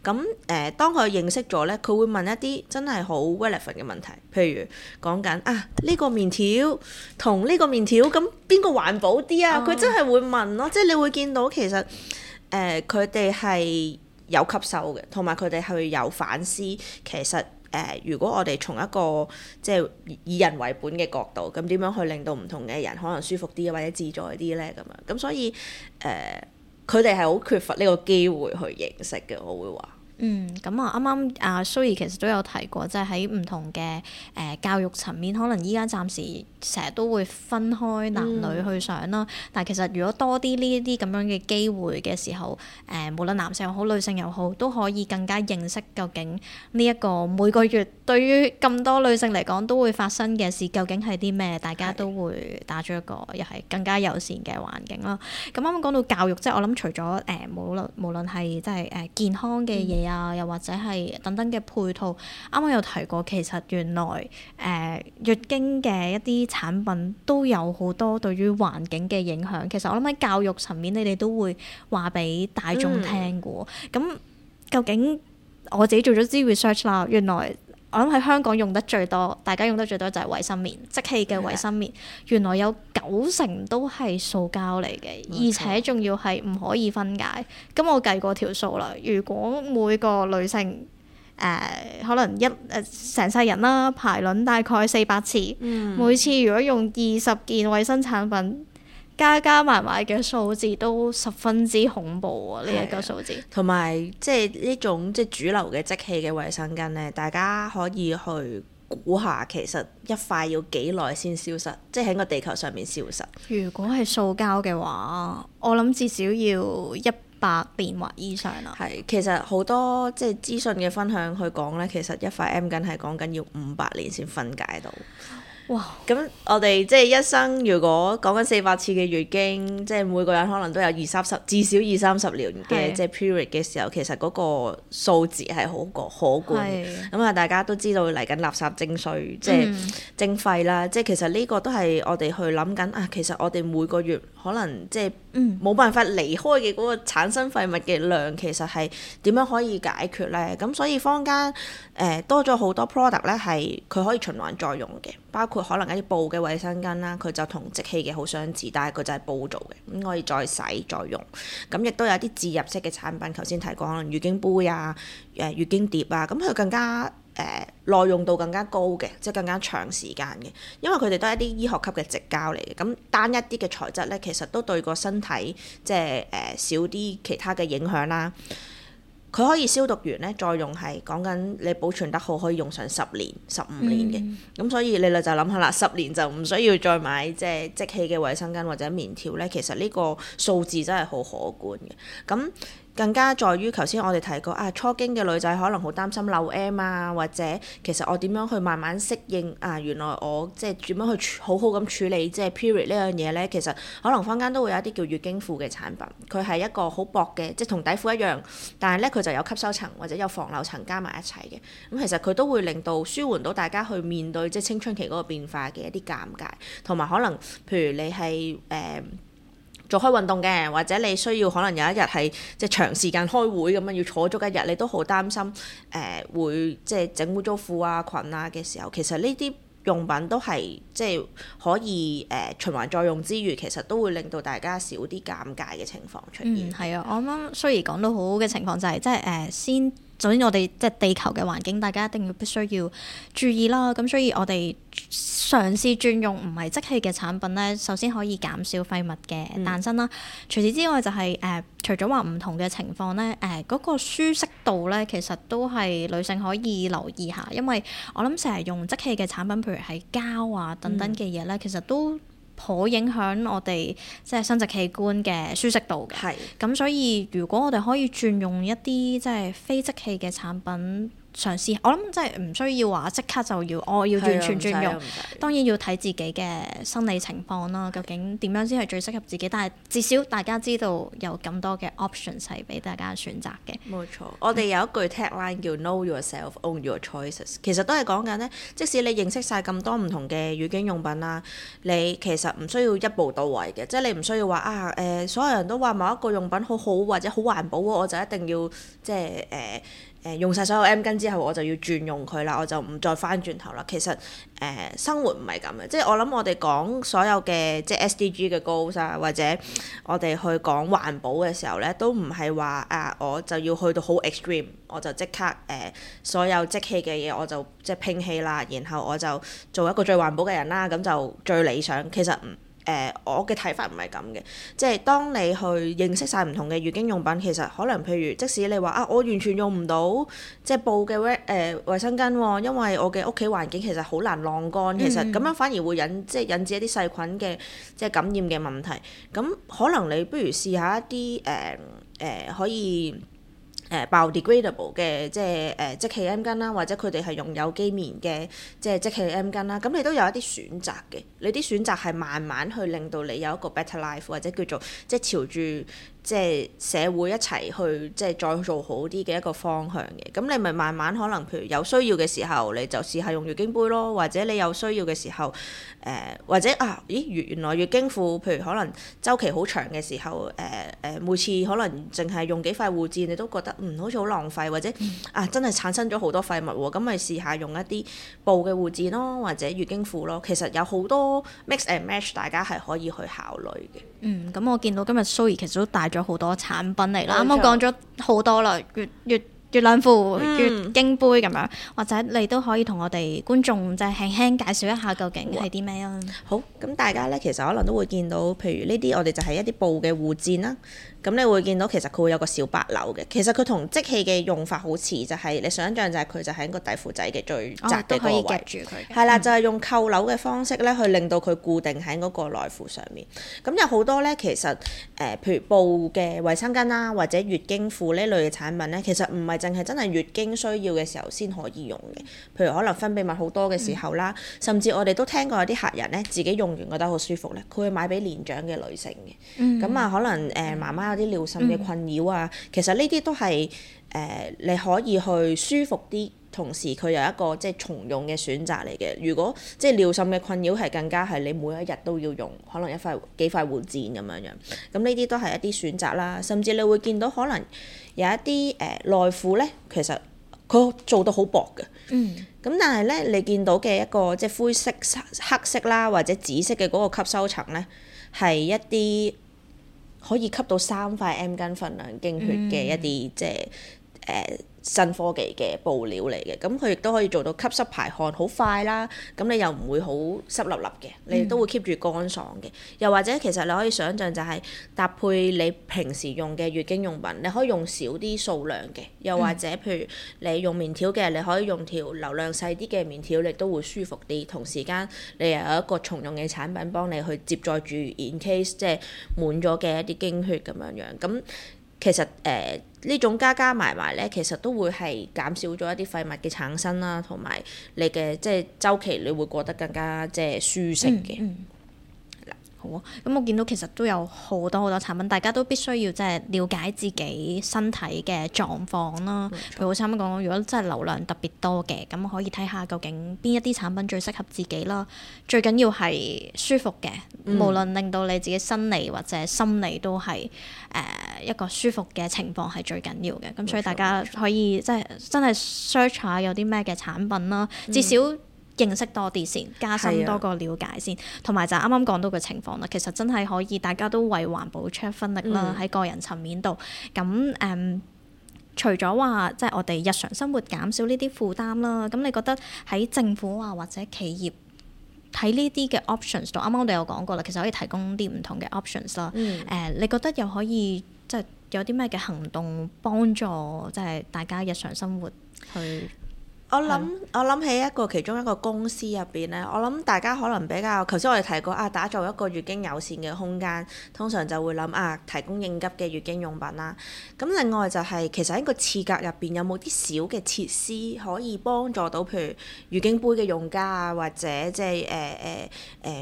Speaker 1: 咁誒、呃，當佢認識咗咧，佢會問一啲真係好 relevant 嘅問題，譬如講緊啊呢個麵條同呢個麵條咁。邊個環保啲啊？佢真係會問咯、啊， 即係你會見到其實誒，佢哋係有吸收嘅，同埋佢哋係有反思。其實誒、呃，如果我哋從一個即係以人為本嘅角度，咁點樣去令到唔同嘅人可能舒服啲或者自在啲咧？咁樣咁所以誒，佢哋係好缺乏呢個機會去認識嘅，我會話。
Speaker 2: 嗯，咁、嗯、啊，啱啱啊，Zoe 其實都有提過，即係喺唔同嘅、誒、呃、教育層面，可能依家暫時成日都會分開男女去上啦。嗯、但係其實如果多啲呢一啲咁樣嘅機會嘅時候，誒、呃、無論男性又好，女性又好，都可以更加認識究竟呢一個每個月對於咁多女性嚟講都會發生嘅事，究竟係啲咩？大家都會打咗一個又係更加友善嘅環境啦。咁啱啱講到教育，即、就、係、是、我諗除咗誒、呃、無論無論係即係誒健康嘅嘢啊。啊，又或者係等等嘅配套，啱啱有提過，其實原來誒、呃、月經嘅一啲產品都有好多對於環境嘅影響。其實我諗喺教育層面，你哋都會話俾大眾聽嘅、嗯、咁究竟我自己做咗啲 research 啦，原來。我諗喺香港用得最多，大家用得最多就係衛生棉，即棄嘅衛生棉，原來有九成都係塑膠嚟嘅，冇錯。而且仲要係唔可以分解。咁我計過條數啦，如果每個女性誒、呃、可能一誒成、呃、世人啦，排卵大概四百次，嗯、每次如果用二十件衛生產品。加加埋埋嘅數字都十分之恐怖啊。呢一個數
Speaker 1: 字同埋即係呢種即係、就是、主流嘅即棄嘅衛生巾咧，大家可以去估下，其實一塊要幾耐先消失？即係喺個地球上面消失。
Speaker 2: 如果係
Speaker 1: 塑膠嘅話，我諗至少要一百年或以上啦。係，其實好多即係、就是、資訊嘅分享去講咧，其實一塊 M 巾係講緊要五百年先分解到。哇！咁我哋即係一生，如果講緊四百次嘅月經，即係每個人可能都有二三十，至少二三十年嘅即係 period 嘅時候，其實嗰個數字係好過可觀。咁啊是，大家都知道嚟緊垃圾徵稅，即係徵費啦。即係、嗯、其實呢個都係我哋去諗緊啊。其實我哋每個月可能即係冇辦法離開嘅嗰個產生廢物嘅量，其實係點樣可以解決咧？咁所以坊間誒、呃、多咗好多 product 咧，係佢可以循環再用嘅，包包括可能一啲布嘅衛生巾啦，佢就同即棄嘅好相似，但係佢就係布做嘅，咁可以再洗再用。咁亦都有啲自入式嘅產品，頭先提過可能月經杯啊、誒月經碟啊，咁、嗯、佢更加誒、呃、耐用度更加高嘅，即係更加長時間嘅，因為佢哋都係一啲醫學級嘅矽膠嚟嘅。咁單一啲嘅材質咧，其實都對個身體即係誒、呃、少啲其他嘅影響啦。佢可以消毒完咧，再用，係講緊你保存得好，可以用上十年、十五年嘅。咁、嗯嗯、所以你咧就諗下啦，十年就唔需要再買即係即棄嘅衛生巾或者棉條咧。其實呢個數字真係好可觀嘅。咁、嗯更加在於頭先我哋提過啊，初經嘅女仔可能好擔心漏 M 啊，或者其實我點樣去慢慢適應啊？原來我即係點樣去好好咁處理即係 period 呢樣嘢咧？其實可能坊間都會有一啲叫月經褲嘅產品，佢係一個好薄嘅，即係同底褲一樣，但係咧佢就有吸收層或者有防漏層加埋一齊嘅。咁、嗯、其實佢都會令到舒緩到大家去面對即係青春期嗰個變化嘅一啲尷尬，同埋可能譬如你係誒。嗯做開運動嘅，或者你需要可能有一日係即係長時間開會咁樣要坐足一日，你都好擔心誒、呃、會即係整污糟褲啊、裙啊嘅時候，其實呢啲用品都係即係可以誒、呃、循環再用之餘，其實都會令到大家少啲尷尬嘅情況出現。嗯，
Speaker 2: 係啊，我啱啱雖然講到好好嘅情況就係、是、即係誒、呃、先。首先我哋即係地球嘅環境，大家一定要必須要注意啦。咁所以我哋嘗試轉用唔係即棄嘅產品咧，首先可以減少廢物嘅誕生啦。嗯、除此之外、就是，就係誒除咗話唔同嘅情況咧，誒、呃、嗰、個舒適度咧，其實都係女性可以留意下，因為我諗成日用即棄嘅產品，譬如係膠啊等等嘅嘢咧，嗯、其實都頗影響我哋即係生殖器官嘅舒適度嘅，咁是所以如果我哋可以轉用一啲即係非即棄嘅產品。嘗試，我諗真係唔需要話即刻就要，我、哦、要完全轉用。用用用用，當然要睇自己嘅生理情況啦，究竟點樣先係最適合自己？但係至少大家知道有咁多嘅 options 係俾大家選擇嘅。冇
Speaker 1: 錯，嗯、我哋有一句 tagline 叫 Know yourself own your choices，其實都係講緊呢，即使你認識晒咁多唔同嘅月經用品啦，你其實唔需要一步到位嘅，即、就、係、是、你唔需要話啊誒、呃，所有人都話某一個用品好好或者好環保，我就一定要即係誒。呃誒用晒所有 M 巾之後，我就要轉用佢啦，我就唔再翻轉頭啦。其實誒、呃、生活唔係咁嘅，即係我諗我哋講所有嘅即係 SDG 嘅 goal 或者我哋去講環保嘅時候咧，都唔係話啊我就要去到好 extreme，我就即刻誒、呃、所有即棄嘅嘢我就即係摒棄啦，然後我就做一個最環保嘅人啦，咁就最理想。其實唔～、嗯誒、呃，我嘅睇法唔係咁嘅，即係當你去認識晒唔同嘅月經用品，其實可能譬如即使你話啊，我完全用唔到即係布嘅誒衛、呃、衛生巾喎、哦，因為我嘅屋企環境其實好難晾乾，嗯、其實咁樣反而會引即係引致一啲細菌嘅即係感染嘅問題，咁可能你不如試下一啲誒誒可以。誒 bio、uh, degradable 嘅，即係誒即棄 M 巾啦，un, 或者佢哋係用有機棉嘅，即係即棄 M 巾啦。咁你都有一啲選擇嘅，你啲選擇係慢慢去令到你有一個 better life，或者叫做即係朝住。即係社會一齊去，即係再做好啲嘅一個方向嘅。咁你咪慢慢可能，譬如有需要嘅時候，你就試下用月經杯咯，或者你有需要嘅時候，誒、呃，或者啊，咦，原來月經褲，譬如可能周期好長嘅時候，誒、呃、誒、呃、每次可能淨係用幾塊護墊你都覺得嗯好似好浪費，或者啊真係產生咗好多廢物喎，咁咪試下用一啲布嘅護墊咯，或者月經褲咯。其實有好多 mix and match，大家係可以去考慮嘅、
Speaker 2: 嗯。嗯，咁我見到今日 sorry 其實都大咗好多產品嚟啦，咁我講咗好多啦，月月月亮褲、月經、嗯、杯咁樣，或者你都可以同我哋觀眾就係輕輕介紹一下究竟係啲咩啊？
Speaker 1: 好，咁大家咧，其實可能都會見到，譬如呢啲我哋就係一啲布嘅護墊啦。咁你會見到，其實佢會有個小撳鈕嘅，其實佢同即棄嘅用法好似，就係你想象就係佢就喺個底褲仔嘅最窄嘅個位，都可以夾住佢。係啦，就係用扣紐嘅方式咧，去令到佢固定喺嗰個內褲上面。咁有好多咧，其實誒，譬如布嘅衛生巾啦，或者月經褲呢類嘅產品咧，其實唔係淨係真係月經需要嘅時候先可以用嘅。譬如可能分泌物好多嘅時候啦，甚至我哋都聽過有啲客人咧，自己用完覺得好舒服咧，佢會買俾年長嘅女性嘅。嗯。咁啊，可能誒媽媽。啲尿滲嘅困擾啊，嗯、其實呢啲都係誒、呃、你可以去舒服啲，同時佢有一個即係重用嘅選擇嚟嘅。如果即係尿滲嘅困擾係更加係你每一日都要用，可能一塊幾塊護墊咁樣樣。咁呢啲都係一啲選擇啦，甚至你會見到可能有一啲誒內褲咧，其實佢做到好薄嘅。嗯，咁但係咧，你見到嘅一個即係灰色、黑色啦，或者紫色嘅嗰個吸收層咧，係一啲。可以吸到三塊 M 巾份量經血嘅一啲即係，誒、嗯。呃新科技嘅布料嚟嘅，咁佢亦都可以做到吸濕排汗好快啦。咁你又唔會好濕立立嘅，你都會 keep 住乾爽嘅。嗯、又或者其實你可以想象就係、是、搭配你平時用嘅月經用品，你可以用少啲數量嘅。又或者譬如你用棉條嘅，你可以用條流量細啲嘅棉條，你都會舒服啲。同時間你又有一個重用嘅產品幫你去接載住 in case 即係滿咗嘅一啲經血咁樣樣。咁其實誒呢，呃，種加加埋埋咧，其實都會係減少咗一啲廢物嘅產生啦，同埋你嘅即係週期，你會過得更加即係舒適嘅。嗯嗯咁我見到其實都
Speaker 2: 有好多好多產品，大家都必須要即係了解自己身體嘅狀況啦。錯譬如我啱啱講，如果真係流量特別多嘅，咁可以睇下究竟邊一啲產品最適合自己啦。最緊要係舒服嘅，嗯、無論令到你自己生理或者心理都係誒、呃、一個舒服嘅情況係最緊要嘅。咁錯所以大家可以即係真係 search 下有啲咩嘅產品啦。嗯、至少。認識多啲先，加深多個了解先，同埋是的 就啱啱講到嘅情況啦。其實真係可以，大家都為環保出分力啦，喺、嗯、個人層面度。咁誒、嗯，除咗話即係我哋日常生活減少呢啲負擔啦，咁你覺得喺政府啊或者企業睇呢啲嘅 options 度，啱啱我哋有講過啦，其實可以提供啲唔同嘅 options 啦。誒、嗯呃，你覺得又可以即係、就是、有啲咩嘅行動幫助即係、就是、
Speaker 1: 大家日常生活去？我諗我諗起一個其中一個公司入邊咧，我諗大家可能比較，頭先我哋提過啊，打造一個月經友善嘅空間，通常就會諗啊，提供應急嘅月經用品啦。咁另外就係、是、其實喺個廁格入邊有冇啲小嘅設施，可以幫助到譬如月經杯嘅用家啊，或者即係誒誒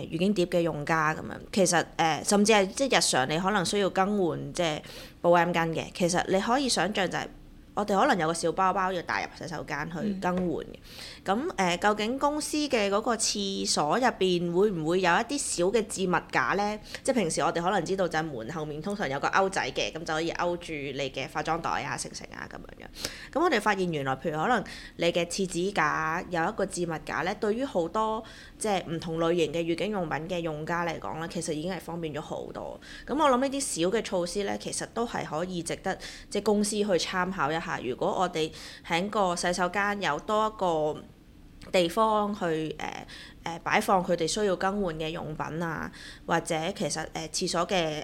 Speaker 1: 誒月經碟嘅用家咁樣。其實誒、呃，甚至係即係日常你可能需要更換即係保濕巾嘅，其實你可以想像就係、是。我哋可能有個小包包要帶入洗手間去更換。嗯咁誒、嗯，究竟公司嘅嗰個廁所入邊會唔會有一啲小嘅置物架咧？即係平時我哋可能知道就係門後面通常有個勾仔嘅，咁就可以勾住你嘅化妝袋啊，成成啊咁樣樣。咁、嗯、我哋發現原來譬如可能你嘅廁紙架有一個置物架咧，對於好多即係唔同類型嘅月經用品嘅用家嚟講咧，其實已經係方便咗好多。咁、嗯、我諗呢啲小嘅措施咧，其實都係可以值得即係公司去參考一下。如果我哋喺個洗手間有多一個。地方去，誒、Uh 誒、呃、擺放佢哋需要更換嘅用品啊，或者其實誒、呃、廁所嘅誒誒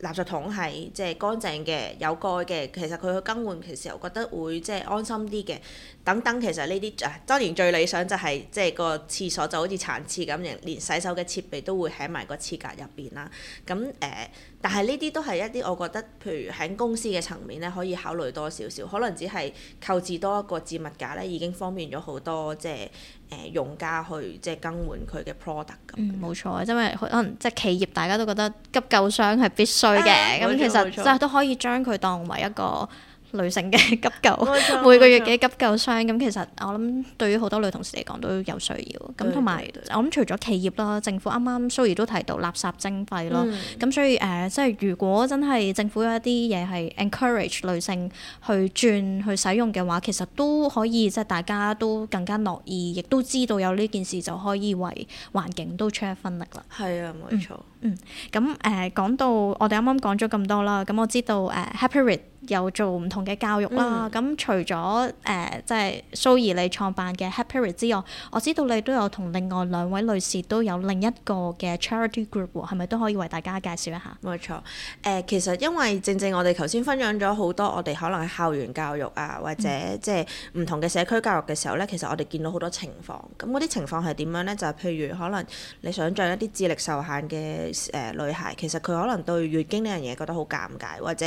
Speaker 1: 垃圾桶係即係乾淨嘅、有蓋嘅，其實佢去更換其實我覺得會即係安心啲嘅。等等，其實呢啲啊當然最理想就係、是、即係個廁所就好似殘廁咁樣，連洗手嘅設備都會喺埋個廁格入邊啦。咁誒、呃，但係呢啲都係一啲我覺得，譬如喺公司嘅層面咧，可以考慮多少少，可能只係購置多一個置物架咧，已經方便咗好多，即係。誒用家去即係更換佢嘅 product
Speaker 2: 咁，冇、嗯、錯，因為可能即係企業大家都覺得急救箱係必須嘅，咁其實即係錯都可以將佢當為一個。女性嘅急救，錯每個月嘅急救箱，咁錯其實我諗對於好多女同事嚟講都有需要。咁同埋我諗，除咗企業啦，政府啱啱蘇怡都提到垃圾徵費咯。咁、嗯、所以誒，即、呃、係如果真係政府有一啲嘢係 encourage 女性去轉去使用嘅話，其實都可以即係大家都更加樂意，亦都知道有呢件事就可以為環境都出一分力啦。係啊，冇錯嗯。嗯，咁、嗯、誒、呃、講到我哋啱啱講咗咁多啦。咁、嗯、我知道誒、uh，Happy 有做唔同嘅教育啦，咁、嗯啊、除咗誒即係 Zoe 你創辦嘅 Happeriod 之外，我知道你都有同另外兩位女士都有另一個嘅 charity group，係咪都可以為大家介
Speaker 1: 紹一下？冇錯，誒、呃、其實因為正正我哋頭先分享咗好多我哋可能係校園教育啊，或者即係唔同嘅社區教育嘅時候咧，其實我哋見到好多情況，咁嗰啲情況係點樣咧？就係、是、譬如可能你想象一啲智力受限嘅誒、呃、女孩，其實佢可能對月經呢樣嘢覺得好尷尬，或者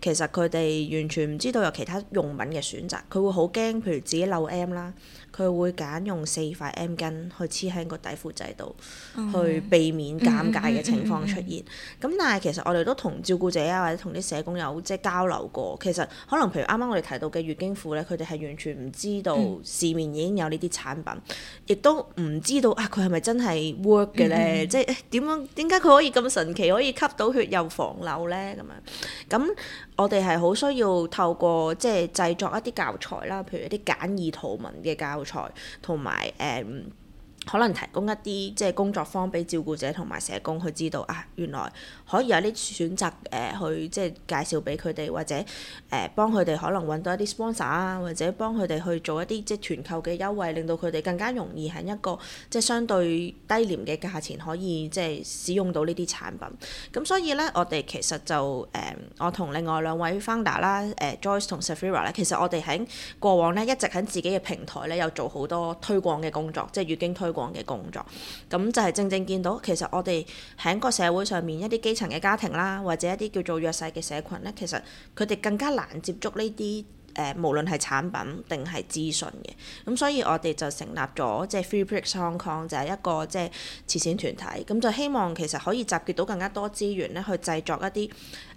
Speaker 1: 其實佢哋。係完全唔知道有其他用品嘅選擇，佢會好驚，譬如自己漏 M 啦，佢會揀用四塊 M 巾去黐喺個底褲仔度，oh、去避免尷尬嘅情況出現。咁、mm hmm。但係其實我哋都同照顧者啊，或者同啲社工有即係交流過，其實可能譬如啱啱我哋提到嘅月經褲咧，佢哋係完全唔知道市面已經有呢啲產品，亦都唔知道啊佢係咪真係 work 嘅咧？Mm hmm。即係點樣？點解佢可以咁神奇？可以吸到血又防漏咧？咁樣咁。我哋係好需要透過即係製作一啲教材啦，譬如一啲簡易圖文嘅教材，同埋誒。嗯可能提供一啲即係工作方坊俾照顧者同埋社工去知道啊，原來可以有啲選擇誒、呃、去即係介紹俾佢哋，或者誒、呃、幫佢哋可能揾到一啲 sponsor 啊，或者幫佢哋去做一啲即係團購嘅優惠，令到佢哋更加容易喺一個即係相對低廉嘅價錢可以即係使用到呢啲產品。咁所以咧，我哋其實就誒、呃、我同另外兩位 founder 啦、呃，誒 Joyce 同 Sefira 咧，其實我哋喺過往咧一直喺自己嘅平台咧有做好多推廣嘅工作，即係月經推。講嘅工作，咁、嗯、就係、是、正正見到其實我哋喺個社會上面一啲基層嘅家庭啦，或者一啲叫做弱勢嘅社群咧，其實佢哋更加難接觸呢啲誒，無論係產品定係資訊嘅。咁、嗯、所以我哋就成立咗即係 Free Periods Hong Kong，就係一個即係、就是、慈善團體。咁、嗯、就希望其實可以集結到更加多資源咧，去製作一啲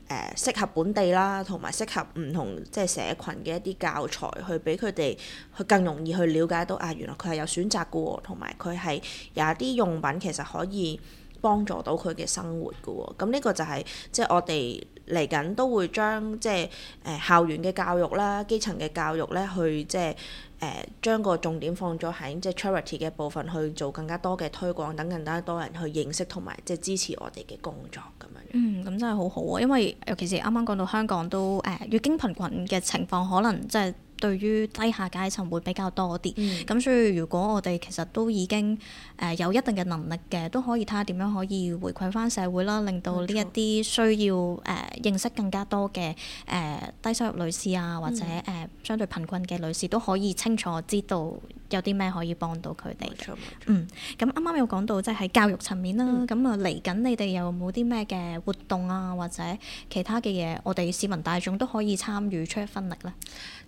Speaker 1: 誒適合本地啦，同埋適合唔同即係社群嘅一啲教材，去俾佢哋去更容易去了解到啊！原來佢係有選擇嘅喎，同埋佢係有一啲用品其實可以幫助到佢嘅生活嘅喎。咁，嗯，呢個就係即係我哋嚟緊都會將即係誒校園嘅教育啦、基層嘅教育咧，去即係誒將個重點放咗喺即係 charity 嘅部分去做更加多嘅推廣，等更加多人去認識同埋即係支持我哋嘅工作咁。
Speaker 2: 嗯，咁真係好好啊，因為尤其是啱啱講到香港都誒、呃、月經貧困嘅情況，可能真係。對於低下階層會比較多啲，咁、嗯、所以如果我哋其實都已經誒、呃、有一定嘅能力嘅，都可以睇下點樣可以回饋返社會啦，令到呢一啲需要誒、呃、認識更加多嘅誒、呃、低收入女士啊，嗯、或者誒、呃、相對貧困嘅女士都可以清楚知道有啲咩可以幫到佢哋嘅。嗯，咁啱啱有講到即係喺教育層面啦，咁啊嚟緊你哋有冇啲咩嘅
Speaker 1: 活動啊，或者其他嘅嘢，我
Speaker 2: 哋市民大眾都可以參與出一分
Speaker 1: 力呢？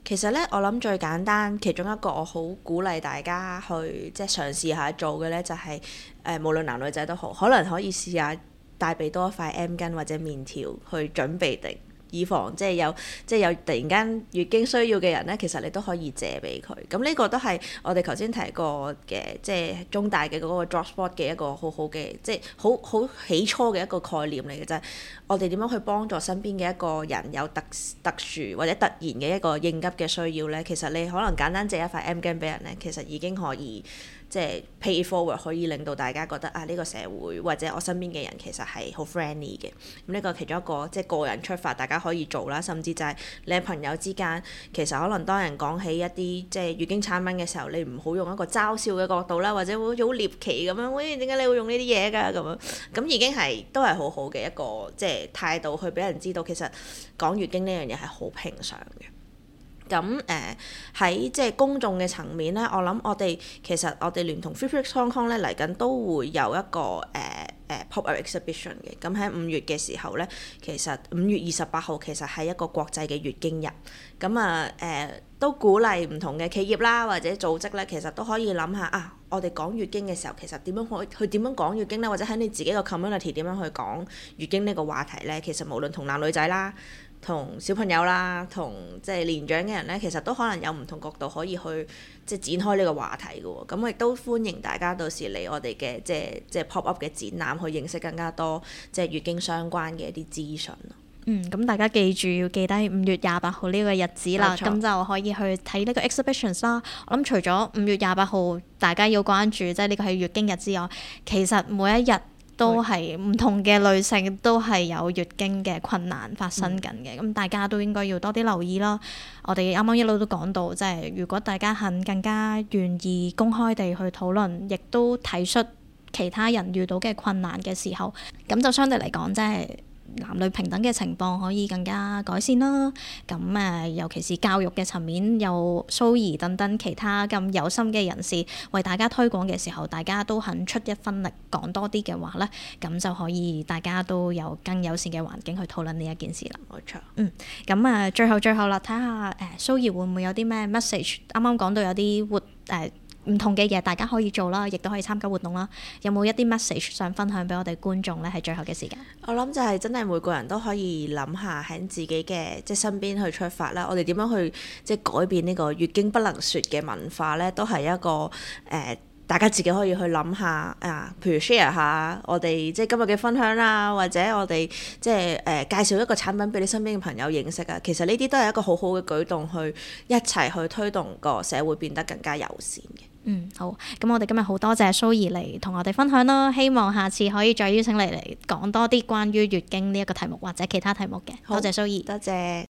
Speaker 1: 其實呢。我諗最簡單其中一個我好鼓勵大家去即係嘗試下做嘅咧，就係、是、誒、呃、無論男女仔都好，可能可以試下帶備多一塊 M 巾或者棉條去準備定。以防即係有即係有突然間月經需要嘅人咧，其實你都可以借俾佢。咁呢個都係我哋頭先提過嘅，即係中大嘅嗰個 Dropspot 嘅一個好好嘅，即係好好起初嘅一個概念嚟嘅就係我哋點樣去幫助身邊嘅一個人有特特殊或者突然嘅一個應急嘅需要咧？其實你可能簡單借一塊 M 巾俾人咧，其實已經可以。即係 pay forward 可以令到大家覺得啊呢、這個社會或者我身邊嘅人其實係好 friendly 嘅，咁呢個其中一個即係、就是、個人出發，大家可以做啦，甚至就係你喺朋友之間，其實可能當人講起一啲即係月經產品嘅時候，你唔好用一個嘲笑嘅角度啦，或者好似好獵奇咁樣，喂、哎，點解你會用呢啲嘢㗎咁樣？咁、嗯、已經係都係好好嘅一個即係、就是、態度去俾人知道，其實講月經呢樣嘢係好平常嘅。咁誒喺即係公眾嘅層面咧，我諗我哋其實我哋聯同 Freeport Hong Kong 咧嚟緊都會有一個誒誒、呃啊、pop-up exhibition 嘅。咁喺五月嘅時候咧，其實五月二十八號其實係一個國際嘅月經日。咁啊誒都鼓勵唔同嘅企業啦，或者組織咧，其實都可以諗下啊，我哋講月經嘅時候，其實點樣可以去點樣講月經咧，或者喺你自己個 community 點樣去講月經呢個話題咧？其實無論同男女仔啦。同小朋友啦，同即係年長嘅人咧，其實都可能有唔同角度可以去即係、就是、展開呢個話題嘅喎、哦。咁我亦都歡迎大家到時嚟我哋嘅即係即係 pop up 嘅展覽去認識更加多即係、就是、月經相關嘅一啲資訊。嗯，咁
Speaker 2: 大家記住要記低五月廿八號呢個日子啦，咁冇錯，就可以去睇呢個 exhibitions 啦。我諗除咗五月廿八號大家要關注即係呢個係月經日之外，其實每一日。都係唔同嘅女性都係有月經嘅困難發生緊嘅，咁、嗯、大家都應該要多啲留意啦。我哋啱啱一路都講到，即係如果大家肯更加願意公開地去討論，亦都提出其他人遇到嘅困難嘅時候，咁就相對嚟講，即係。男女平等嘅情況可以更加改善啦。咁誒，尤其是教育嘅層面，有 Zoe 等等其他咁有心嘅人士為大家推廣嘅時候，大家都肯出一分力，講多啲嘅話咧，咁就可以大家都有更友善嘅環境去討論呢一件事啦。冇錯。嗯。咁誒，最後最後啦，睇下誒 Zoe 會唔會有啲咩 message？啱啱講到有啲活誒。唔同嘅嘢，大家可以做啦，亦都可以參加活動啦。有冇一啲 message 想分享俾我哋觀眾呢？喺最後嘅時間，
Speaker 1: 我諗就係真係每個人都可以諗下喺自己嘅即係身邊去出發啦。我哋點樣去即係改變呢個月經不能説嘅文化呢？都係一個誒、呃，大家自己可以去諗下啊。譬如 share 下我哋即係今日嘅分享啦，或者我哋即係誒、呃、介紹一個產品俾你身邊嘅朋友認識啊。其實呢啲都係一個好好嘅舉動去，去一齊去推動個社會變得更加友善嘅。
Speaker 2: 嗯，好。咁我哋今日好多謝 Zoe 嚟同我哋分享囉，希望下次可以再邀請你嚟講多啲關於月經呢一個題目或者其他題目嘅。好多謝 Zoe。多謝。